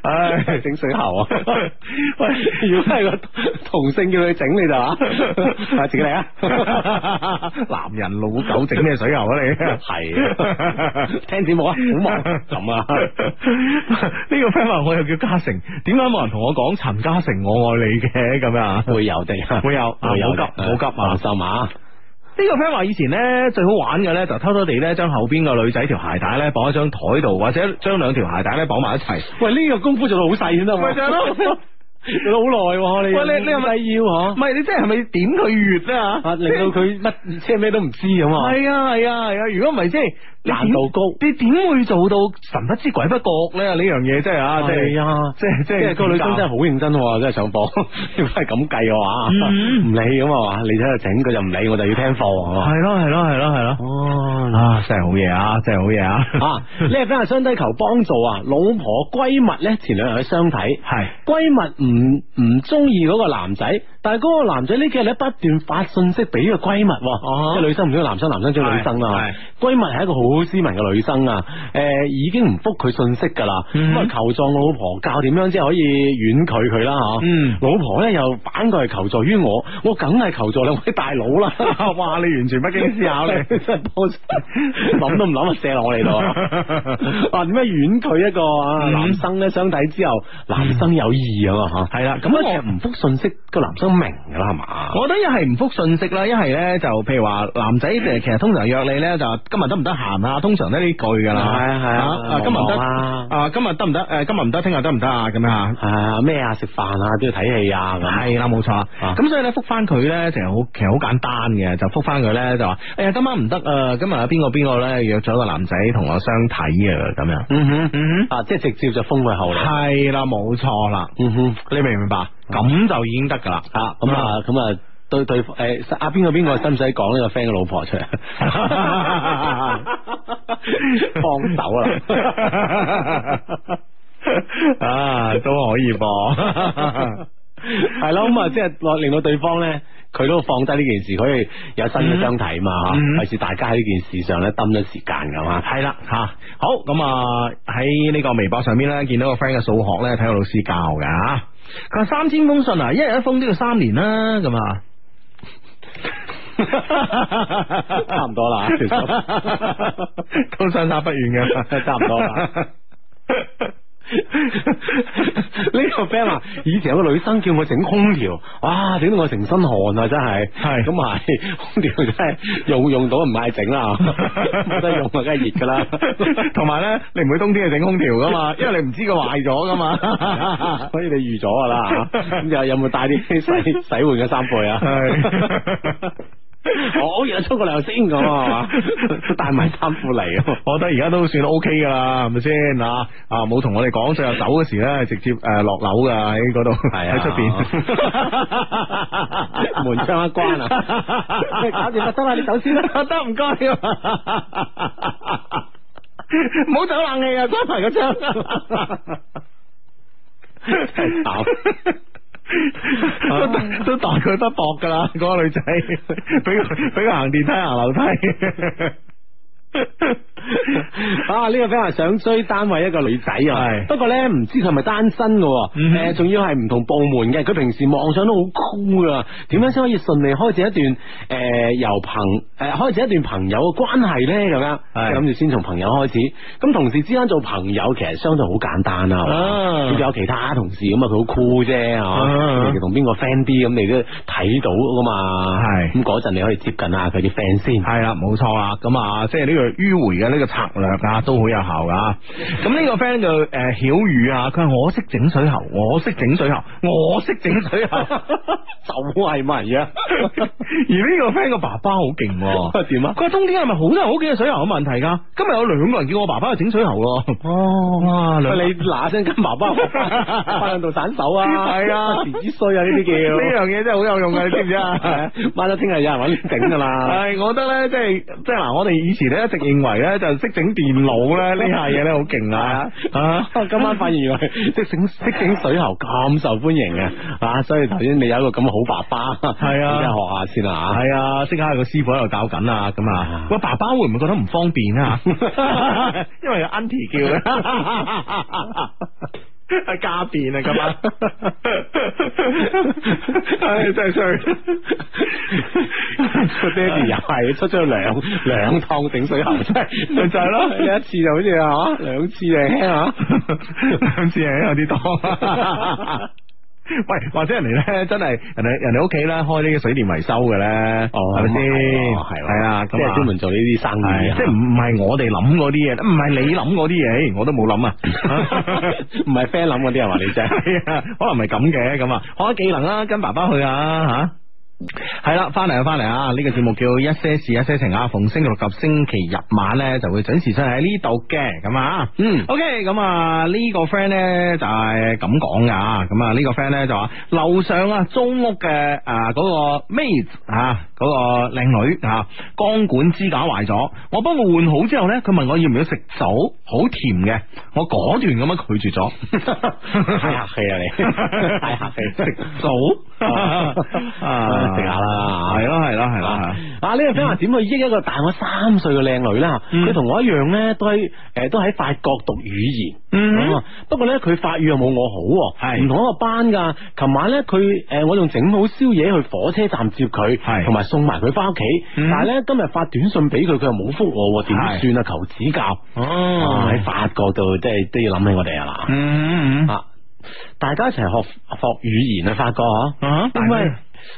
唉，整水喉啊！ 喂，如果係個同性叫你整你就啊， 自己嚟啊！ 男人老狗整咩水喉啊？你 係 聽節目啊？好忙咁啊！呢 個 friend 話我又叫嘉誠，點解冇人同我講陳嘉誠我愛你嘅咁樣啊？ 會有地，會有，冇急，冇急啊，收馬，啊。啊呢個 friend 話以前呢最好玩嘅呢，就偷偷地呢將後邊個女仔條鞋帶呢綁喺張台度，或者將兩條鞋帶呢綁埋一齊。喂，呢個功夫做到好細先得 好耐，你你你係咪要？唔係你真係咪點佢穴咧吓？令到佢乜即係咩都唔知咁啊？係啊係啊係啊！如果唔係，即係難度高。你點會做到神不知鬼不覺咧？呢樣嘢真係啊！即係即係即係個女生真係好認真，真係上課要係咁計嘅話，唔理咁啊嘛？你喺度整佢就唔理，我就要聽課。係咯係咯係咯係咯！哦啊，真係好嘢啊！真係好嘢啊！啊，你係想阿雙低求幫助啊？老婆閨蜜咧前兩日去相睇，係閨蜜唔。唔唔中意嗰個男仔。但係嗰個男仔呢幾日咧不斷發信息俾個閨蜜，即係女生唔中意男生，男生中意女生啊！閨蜜係一個好斯文嘅女生，誒，已經唔覆佢信息噶啦，咁啊求助我老婆教點樣先可以婉拒佢啦？吓，嗯，老婆咧又反過嚟求助於我，我梗係求助兩位大佬啦，話你完全不經思考，你真係諗都唔諗啊，射落我嚟度，話點樣婉拒一個男生咧？相睇之後，男生有意啊嘛，吓，係啦，咁樣其實唔覆信息個男生。明噶啦，係嘛？我覺得一係唔復信息啦，一係咧就譬如話男仔其實通常約你咧就今日得唔得閒啊？通常都呢句噶啦，係啊係啊，今日得啊今日得唔得？誒今日唔得，聽日得唔得啊？咁樣啊咩啊食飯啊都要睇戲啊咁係啦，冇錯。咁所以咧復翻佢咧，其實好其實好簡單嘅，就復翻佢咧就話哎呀今晚唔得啊，今日邊個邊個咧約咗個男仔同我相睇啊咁樣。啊，即係直接就封佢口啦。係啦，冇錯啦。哼聊天，你明唔明白？咁就已經得噶啦。啊，咁、嗯嗯、啊，咁、嗯、啊，對對，誒，阿、呃、邊個邊個使唔使講呢個 friend 嘅老婆出嚟，幫 手啊了， 啊，都可以噃，係 咯， 咁、嗯、啊，即係令到對方咧。佢都放低呢件事，佢有新嘅相體嘛？吓、mm，費事、hmm. 大家喺呢件事上咧，耽咗時間噶嘛？係啦，吓，好咁啊！喺呢個微博上邊咧，見到個 friend 嘅數學咧，睇個老師教嘅吓，佢話三千封信啊，一日一封都要三年啦，咁啊， 差唔多啦，其實都相差不遠嘅， 差唔多。 呢個 friend 啊， band, 以前有個女生叫我整空調，哇，整到我成身汗啊，真係係咁係，空調真係用用到唔嗌整啦，冇 得用啊，梗係熱噶啦。同埋咧，你唔會冬天去整空調噶嘛，因為你唔知佢壞咗噶嘛， 所以你預咗噶啦。咁有有冇帶啲洗洗換嘅衫背啊？是 我約、oh, 出個流星咁，帶埋衫褲嚟，啊 我覺得而家都算 O K 噶啦，係咪先啊？啊，冇同我哋講，最後走嗰時咧，直接誒、呃、落樓噶喺嗰度，喺出邊，門窗一關啊！ 搞掂啦，得啦，你先走先啦，得唔該，唔好走冷氣啊，關埋個窗啊，好。 都大都待佢不薄噶啦，嗰、那個女仔，俾佢俾佢行電梯行樓梯。 啊！呢、這個比較想追單位一個女仔啊，是不過呢，唔知佢係咪單身嘅？誒、嗯哼，仲要係唔同部門嘅。佢平時望上都好酷啊！點樣先可以順利開始一段誒、呃、由朋誒開始一段朋友嘅關係呢？咁樣係諗住先從朋友開始。咁同事之間做朋友其實相對好簡單啊。係嘛？有其他同事咁、cool, 啊,啊？佢好酷啫，係嘛？同邊個 friend 啲咁，你都睇到噶嘛？係咁嗰陣你可以接近下佢啲 friend 先。係啦，冇錯啦，咁啊，即係呢。迂回嘅呢個策略啊，都好有效噶。咁呢個 friend 就誒曉宇啊，佢話我識整水喉，我識整水喉，我識整水喉， 就係迷爸爸啊。而呢個 friend 個爸爸好勁，點啊？佢話冬天係咪好多人好驚水喉嘅問題噶？今日有兩個人叫我爸爸去整水喉。哦，哇，啊、人你嗱聲跟爸爸翻去度 散手啊？係啊，點衰啊？呢啲叫呢樣嘢真係好有用嘅，你知唔知 啊？晚黑聽日有人搵你整噶啦。係， 我覺得咧、就是，即係即係嗱，我哋以前咧。一直認為咧就識、是、整電腦咧呢下嘢咧好勁啊！啊，今晚發現原來即整識整水喉咁受歡迎嘅啊，啊，所以頭先你有一個咁好爸爸係啊，學下先啊，係啊，即係個師傅喺度教緊啊，咁啊，啊喂，爸爸會唔會覺得唔方便啊？ 因為有 Auntie 叫嘅。 係家電啊，咁唉、 哎，真係衰，爹哋又係出咗兩兩趟頂水行，真係咪就係咯？一次就好似啊，兩 次嚟聽啊，兩次嚟有啲多。 喂，或者人哋咧，真係人哋人哋屋企咧開呢個水電維修嘅咧，哦，係咪先？係係啊，啊即係專門做呢啲生意，啊啊、即係唔係我哋諗嗰啲嘢，唔係你諗嗰啲嘢，我都冇諗啊，唔係 friend 諗嗰啲啊嘛，你真係，可能係咁嘅，咁啊，學下技能啦，跟爸爸去吓、啊。啊係啦，翻嚟啊，翻嚟啊！呢、這個節目叫一些事一些情啊，逢星期六及星期日晚呢，就會準時出喺呢度嘅，咁啊，嗯，OK，咁啊呢個 friend 呢，這這就係咁講噶，咁啊呢個 friend 呢，就話樓上啊租屋嘅啊嗰個 maid 嗰個靚女啊光管支架壞咗，我幫佢換好之後呢，佢問我要唔要食棗，好甜嘅，我果斷咁樣拒絕咗。太客氣啊你，太客氣食棗啊。食下啦，係咯，係咯，係啦。啊，呢位 friend 話點去益一個大我三歲嘅靚女啦？佢同我一樣呢，都係誒，都喺法國讀語言。嗯，不過呢，佢法語又冇我好，唔同一個班噶。琴晚呢，佢誒，我仲整好宵夜去火車站接佢，同埋送埋佢翻屋企。但係呢，今日發短信俾佢，佢又冇覆我，點算啊？求指教。哦，喺法國度即係都要諗起我哋啊嘛。嗯嗯，大家一齊學學語言啊，法國嗬。啊，因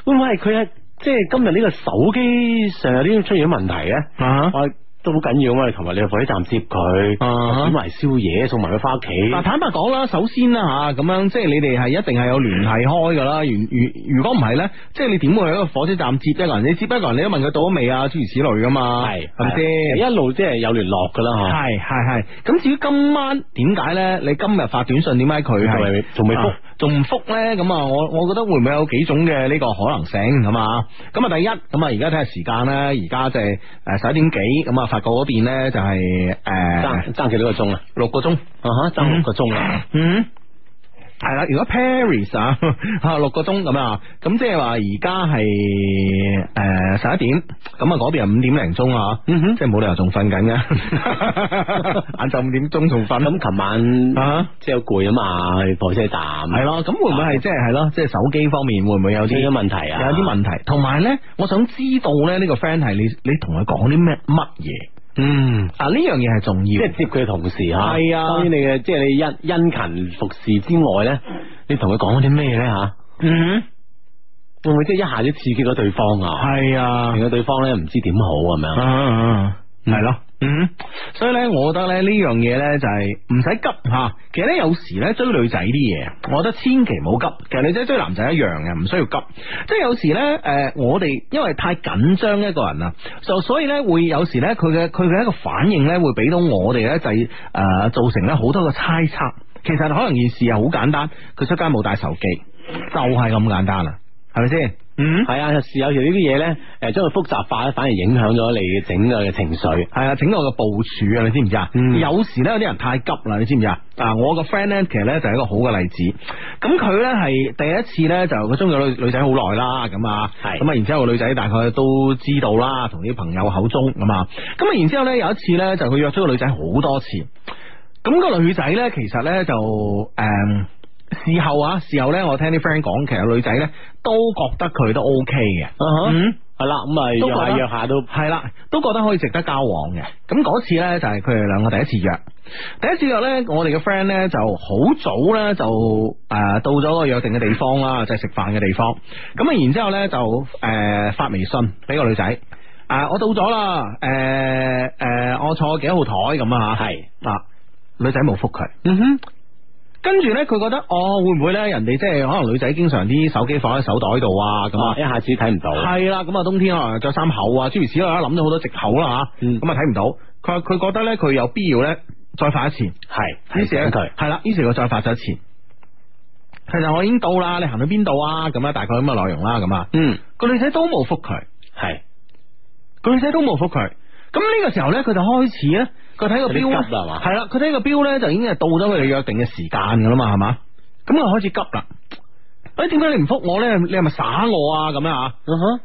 會唔會係佢，係即係今日呢個手機成日啲出現問題咧？啊、uh？Huh. 我都好緊要啊！同埋你去火車站接佢，煮埋宵夜，送埋佢翻屋企。嗱，坦白講啦，首先啦吓，咁樣即係你哋係一定係有聯繫開噶啦。如如如果唔係咧，即係你點會去個火車站接一個人？你接一個人，你都問佢到咗未啊？諸如此類噶嘛，係係咪先？一路即係有聯絡噶啦，係係係。咁至於今晚點解咧？你今日發短信點解佢係咪仲未覆？仲唔覆咧？咁啊，我我覺得會唔會有幾種嘅呢個可能性？咁啊，咁啊，第一咁啊，而家睇下時間啦。而家即係誒十一點幾咁啊。法國嗰邊咧就係誒爭爭幾多個鐘啊，六個鐘啊，吓爭六個鐘啊嗯。嗯嗯係啦，如果 Paris 啊，六個鐘咁啊，咁即係話而家係誒十一點，咁啊嗰邊五點零鐘啊，嗯哼，即係冇理由仲瞓緊噶，晏晝五點鐘仲瞓，咁琴晚即係好攰啊嘛，去火車站係咯，咁會唔會係即係係咯，即係、啊即係即係、手機方面會唔會有啲問題啊？有啲問題，同埋咧，我想知道咧呢個 friend 係你，你同佢講啲咩乜嘢？嗯，啊呢樣嘢係重要，即係接佢嘅同事吓，係啊，當然你嘅即係你殷殷勤服侍之外咧，你同佢講啲咩咧吓？嗯哼，會唔會即係一下子刺激到對方啊？係啊，啊，啊，啊，令到對方咧唔知點好咁樣，嗯，係咯、啊。嗯，所以咧，我覺得咧呢樣嘢呢就係唔使急吓。其實呢，有時呢追女仔啲嘢，我覺得千祈唔好急。其實女仔追男仔一樣嘅，唔需要急。即係有時呢，誒，我哋因為太緊張一個人啦，就所以呢會有時呢，佢嘅佢嘅一個反應呢會俾到我哋呢，就、呃、誒造成呢好多個猜測。其實可能件事啊好簡單，佢出街冇帶手機，就係、是、咁簡單啦，係咪先？嗯，係啊、mm，有、hmm. 時有時呢啲嘢呢，誒，將佢複雜化咧，反而影響咗你整個嘅情緒，係啊，整個嘅部署啊，你知唔知啊？Mm hmm. 有時呢，有啲人太急啦，你知唔知啊？啊，我個 friend 呢，其實呢，就係一個好嘅例子，咁佢呢，係第一次呢，就佢中意女女仔好耐啦，咁啊，咁啊，然之後個女仔大概都知道啦，同啲朋友口中咁啊，咁啊，然之後咧有一次呢，就佢約咗個女仔好多次，咁，個女仔呢，其實呢，就、嗯、誒。事後啊，事後呢，我聽啲 friend 講，其實女仔呢，都覺得佢都 OK 嘅，uh、huh, 嗯，係啦、嗯，咁啊，約下約下都係啦，都覺得可以值得交往嘅。咁嗰次呢，就係佢哋兩個第一次約，第一次約呢，我哋嘅 friend 呢，就好早呢，就誒到咗個約定嘅地方啦，就係食飯嘅地方。咁、就、啊、是，然之後咧就誒發微信俾個女仔，誒，我到咗啦，誒、呃、誒、呃，我坐幾號台咁是啊，係，女仔冇覆佢，嗯哼。跟住呢，佢覺得哦，會唔會呢？人哋即係可能女仔經常啲手機放喺手袋度啊，咁啊樣，一下子睇唔到。係啦，咁啊，冬天可能着衫厚啊，諸如此類啊，諗咗好多借口啦吓。咁啊、嗯，睇唔到。佢佢覺得呢，佢有必要呢，再發一次。係、嗯，於是咧，係啦，於是佢再發咗一次。嗯、其實我已經到啦，你行到邊度啊？咁啊，大概咁嘅內容啦，咁啊。嗯。個女仔都冇覆佢，係的。個女仔都冇覆佢。咁呢個時候呢，佢就開始咧。佢睇個表啊，係啦，佢睇個表咧就已經係到咗佢哋約定嘅時間噶啦嘛，係嘛？咁佢開始急啦，哎，點解你唔復我咧？你係咪耍我啊？咁、uh huh. 樣啊？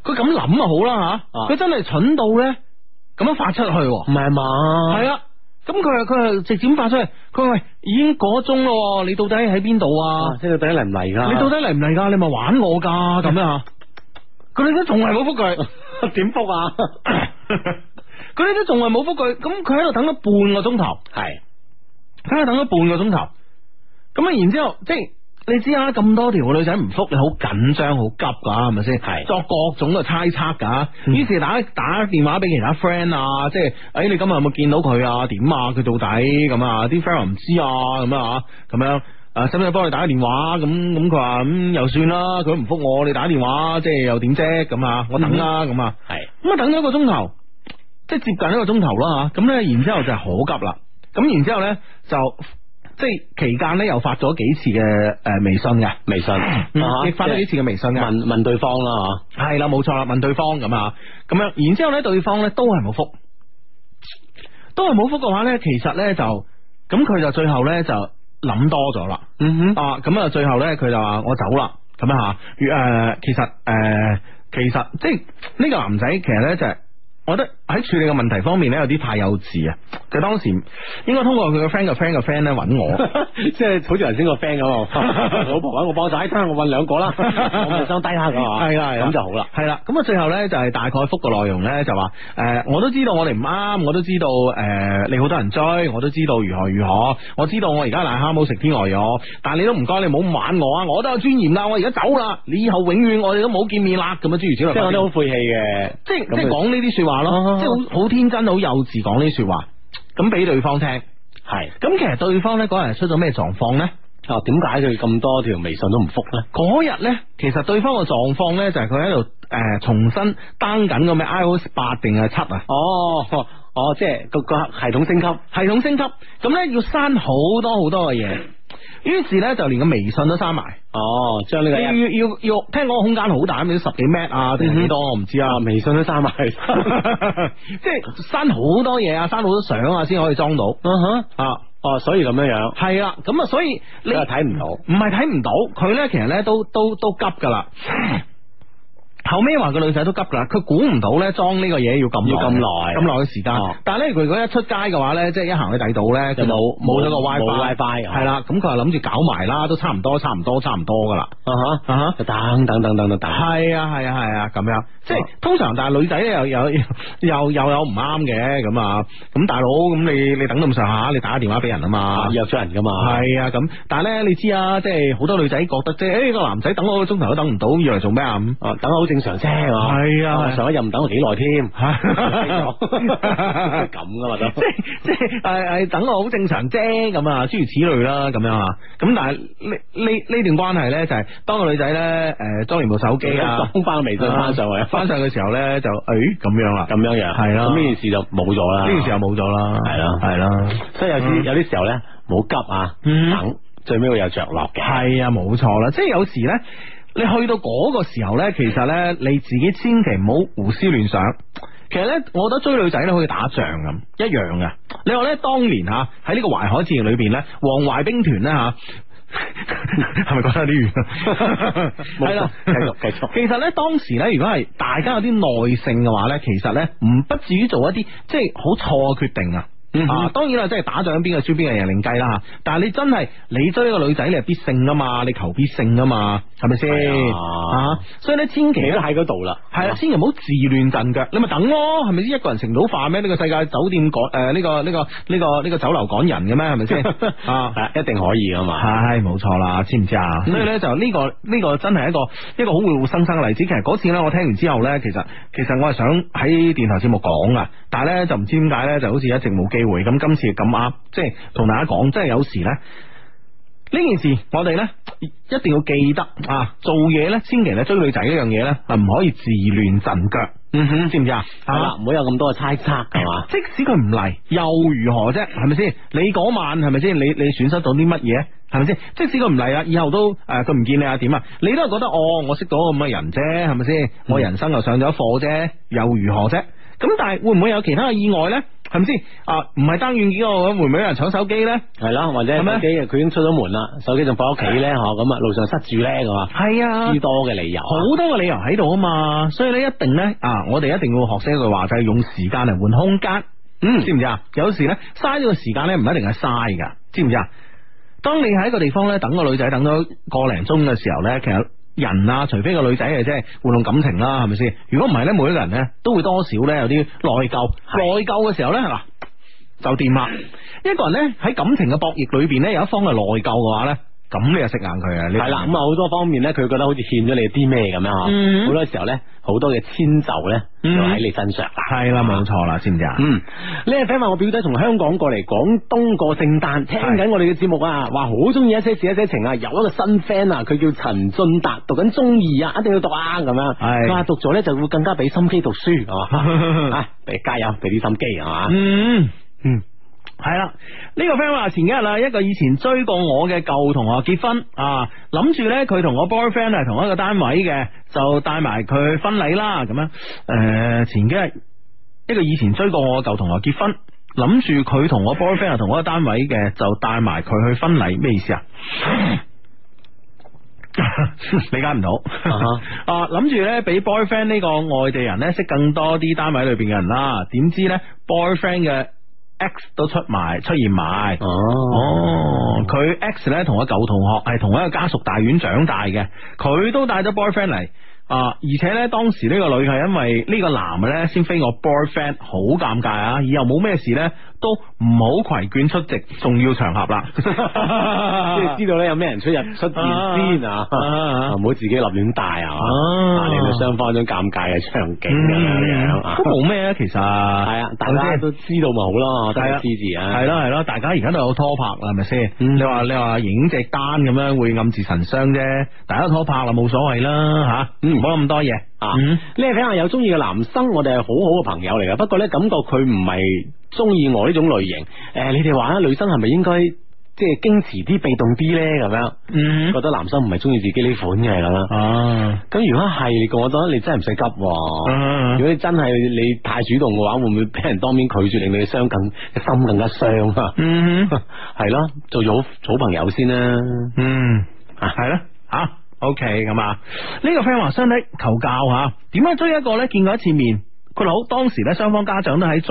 佢咁諗啊，好啦吓，佢、huh. 真係蠢到咧，咁樣發出去，唔係啊嘛？係、huh. 啊，咁佢係佢係直接咁發出去，佢喂已經過咗鐘咯，你到底喺邊度啊？即係到底嚟唔嚟噶？Huh. 你到底嚟唔嚟噶？你咪玩我噶？咁樣、uh huh. 啊，佢哋都仲係冇復佢，點復啊？佢哋都仲係冇覆佢，咁佢喺度等咗半個鐘頭，係，喺度等咗半個鐘頭，咁啊，然之後即係你知啊，咁多條女仔唔覆，你好緊張，好急噶，係咪先？係作是的 各種嘅猜測噶，於是打打電話俾其他 friend 啊，即係，哎、欸，你今日有冇見到佢啊？點啊？佢到底咁啊？啲 friend 又唔知啊？咁啊？咁樣，啊，使唔使幫你打個電話？咁咁佢話咁又算啦，佢唔覆我，你打電話，即係又點啫？咁啊，嗯、我等啦，咁啊，係，咁啊，等咗一個鐘頭。即係接近一個鐘頭啦，咁呢，然之後就係好急啦，咁然之後咧就即係期間呢，又發咗幾次嘅，誒微信，嘅微信亦，嗯，發咗幾次嘅微信嘅，問問對方啦吓，係啦，冇錯啦，問對方咁啊，咁樣然之後咧，對方呢，都係冇復，都係冇復嘅話呢，其實呢，就咁佢就最後呢，就諗多咗啦，嗯哼，啊，咁啊，最後呢，佢就話我走啦，咁啊吓，誒，呃，其實誒，呃，其實，呃，其實即係呢，呢個男仔其實呢，就係，就係。我覺得喺處理嘅問題方面咧，有啲太幼稚啊！佢當時應該通過佢個 friend 個 friend 個 friend 咧揾我， 即係好似頭先個 friend 咁，老婆揾波仔，幫手，我揾兩個啦，我咪收低下嘅係啊，咁 就好啦。係啦，咁啊最後咧就係大概覆個內容咧就話誒，我都知道我哋唔啱，我都知道誒，你好多人追，我都知道如何如何，我知道我而家癩蝦冇食天鵝肉，但係你都唔該，你唔好玩我啊！我都有尊嚴啦，我而家走啦，你以後永遠我哋都冇見面啦咁啊！諸如此類即，即係我都好晦氣嘅，即係即係講呢啲說話。哦，即係好好天真、好幼稚講呢啲說話，咁俾對方聽，係咁的其實對方咧嗰日出咗咩狀況呢？哦，點解佢咁多條微信都唔覆呢？嗰日呢，其實對方嘅狀況呢就係佢喺度誒重新 down 緊個咩 iOS 八定係七啊？哦哦，即係個個系統升級，系統升級，咁呢，要刪好多好多嘅嘢。於是咧，就連個微信都刪埋。哦，將呢、這個要要要聽講空間好大，咁有十幾 MB 啊，幾 多我唔知啊。微信都刪埋， 即係刪好多嘢，刪多 uh huh. 啊，刪好多相啊，先可以裝到。嗯哼，啊，哦，所以咁樣樣係啦。咁啊，所以呢、啊、你睇唔到，唔係睇唔到，佢咧其實咧都都都急噶啦。 後尾話個女仔都急啦，佢估唔到咧裝呢個嘢要咁要咁耐咁耐嘅時間，但係咧佢如果一出街嘅話咧，即係一行去第度咧，就冇冇咗個 WiFi，WiFi，係啦，咁佢係諗住搞埋啦，都差唔多，差唔多，差唔多噶啦，啊哈啊哈，等等等等等等，係啊係啊係啊，咁樣。即係通常，但係女仔咧又又又又又唔啱嘅咁啊！咁大佬咁，你你等咁上下，你打個電話俾人啊嘛，約咗人噶嘛，係啊咁。但係咧你知啊，即係好多女仔覺得啫，誒個男仔等我個鐘頭都等唔到，咁以為做咩啊？咁哦，等我好正常啫，係啊，上一任唔等我幾耐添，咁噶嘛，即係即係誒誒，等我好正常啫，咁諸如此類啦，咁樣啊。咁但係呢呢呢段關係咧就係當個女仔咧誒裝完部手機啊，裝翻個微信翻上去。關上嘅時候呢，就誒咁樣啦，咁樣了這樣係啦，咁呢件事就冇咗啦，呢件事就冇咗啦，係啦了，係啦了，所以有啲、嗯、有啲時候咧，冇急、嗯、啊，等最尾會有着落嘅，係啊，冇錯啦，即係有時呢，你去到嗰個時候呢，其實呢，你自己千祈唔好胡思亂想，其實呢，我覺得追女仔咧好似打仗咁，一樣噶，你話呢，當年吓喺呢個淮海戰役裏邊呢，黃淮兵團呢。吓。係咪 覺得有啲遠？係 啦 錯，繼 續繼續。 其實咧，當時咧，如果係大家有啲耐性嘅話咧，其實咧，唔不至於做一啲即係好錯嘅決定啊。啊、嗯，當然啦，即係打仗邊個輸邊個，贏零計啦吓。但係你真係你追呢個女仔，你係必勝噶嘛？你求必勝噶嘛？係咪先？哎、呀啊，所以咧，啊、千祈都喺嗰度啦。係啦，千祈唔好自亂陣腳。你咪等咯、啊，係咪先？一個人食唔到飯咩？呢、這個世界酒店趕誒，呢、呃這個呢、這個呢、這個呢、這個這個酒樓趕人嘅咩？係咪先？ 啊，一定可以噶嘛？係冇錯啦，知唔知啊？嗯、所以咧、這個，就呢個呢個真係一個一個好活生生嘅例子。其實嗰次咧，我聽完之後咧，其實其實我係想喺電台節目講啊，但係咧就唔知點解咧，就好似一直冇機。回咁今次咁啱，即係同大家講，即係有時呢件事我哋呢一定要記得啊，做嘢呢千祈呢追女仔呢樣嘢呢，係唔可以自亂陣腳。嗯哼，知唔知啊？係啦，唔會有咁多嘅猜測係嘛？即使佢唔嚟又如何啫？係咪先？你嗰晚係咪先？你你損失到啲乜嘢？係咪先？即使佢唔嚟啊，以後都誒佢唔見你啊點啊？你都係覺得哦，我識到咁嘅人啫，係咪先？我人生又上咗課啫，又如何啫？咁但係會唔會有其他嘅意外呢？係咪先？唔係登軟件嘅話，會唔會有人搶手機呢？係咯，或者咁幾日佢嗎已經出咗門啦，手機仲放喺屋企呢。嗬的？咁路上塞住呢，係嘛的？係啊，之多嘅理由，好多嘅理由喺度啊嘛！所以呢，一定呢，啊，我哋一定要學識一句話，就係用時間嚟換空間。嗯，知唔知啊？有時呢，嘥咗個時間呢，唔一定係嘥噶，知唔知啊？當你喺一個地方呢，等個女仔等咗個零鐘嘅時候呢，其實。人啊，除非個女仔啊，即係玩弄感情啦，係咪先？如果唔係咧，每一個人咧都會多少咧有啲內疚，內的疚嘅時候咧，嗱的就掂啦。 一個人咧喺感情嘅博弈裏邊咧，有一方係內疚嘅話咧。咁你又食硬佢啊？係啦了，咁啊好多方面呢，佢覺得好似欠咗你啲咩咁樣啊。好、嗯、多時候呢，好多嘅遷就呢，就喺你身上。係啦，冇錯啦，知唔知啊？嗯，呢個 friend 話我表弟從香港過嚟廣東過聖誕，聽緊我哋嘅節目啊，話好中意一些事一些情，有一個新 friend 啊，佢叫陳俊達，讀緊中二啊，一定要讀啊，咁樣。係佢話讀咗呢就會更加俾心機讀書哦，嗯、 啊，俾加油，俾啲心機啊，嗯嗯。嗯嗯係啦，呢、這個 friend 話前幾日啦，一個以前追過我嘅舊同學結婚，諗住呢，佢同我 boyfriend 係同一個單位嘅，就帶埋佢去婚禮啦。咁樣，誒、呃、前幾日一個以前追過我嘅舊同學結婚，諗住佢同我 boyfriend 係同一個單位嘅，就帶埋佢去婚禮，咩意思啊？理解唔到，uh huh. 啊諗住呢，俾 boyfriend 呢個外地人呢識更多啲單位裏邊嘅人啦，點知呢 boyfriend 嘅。X 都出埋，出現埋哦，佢 X 咧同我舊同學係同一個家屬大院長大嘅，佢都帶咗 boyfriend 嚟啊，而且咧當時呢個女係因為呢個男嘅咧先飛我 boyfriend，好尷尬啊，以後冇咩事咧。都唔好攜眷出席重要場合啦，即係知道咧有咩人出入出現先啊，唔好自己立亂帶啊嘛，令到雙方一種尷尬嘅場景咁樣，都冇咩啊，其實係啊，大家都知道咪好咯，大家私事啊，係咯係咯，大家而家都有拖拍啦，係咪先？你話你話影隻單咁樣會暗自神傷啫，大家拖拍啦冇所謂啦吓，唔好諗咁多嘢。Mm hmm. 你係比較有中意嘅男生，我哋係好好嘅朋友嚟噶。不過咧，感覺佢唔係中意我呢種類型。誒、呃，你哋話女生係咪應該即係矜持啲、被動啲呢？咁樣、mm，嗯、hmm.，覺得男生唔係中意自己呢款嘅咁啦。哦、mm，咁、hmm. 如果係，我覺得你真係唔使急。嗯、mm，hmm. 如果你真係你太主動嘅話，會唔會俾人當面拒絕，令你傷更心更加傷啊？嗯、mm，係、hmm. 咯， 做咗好朋友先啦。嗯、mm，hmm. 啊，係啦、mm，吓、hmm.。O K，咁啊，呢、okay，呢個 friend 話兄弟求教吓，點樣追一個咧？見過一次面，佢好當時咧，雙方家長都喺在，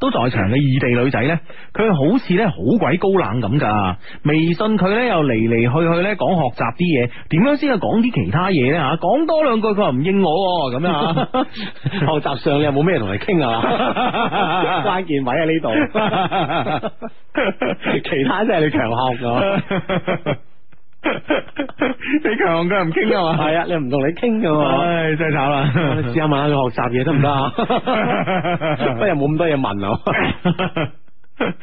都在場嘅異地女仔咧，佢好似咧好鬼高冷咁噶。微信佢咧又嚟嚟去去咧講學習啲嘢，點樣先係講啲其他嘢咧？啊，講多兩句佢又唔應我咁啊。樣 學習上你有冇咩同你傾啊？ 關鍵位喺呢度， 其他真係你強項噶。 你強佢唔傾噶嘛？係 啊，你唔同你傾噶嘛？唉、哎，真係慘啦！你試下問下佢學習嘢得唔得啊？不過又冇咁多嘢問啊。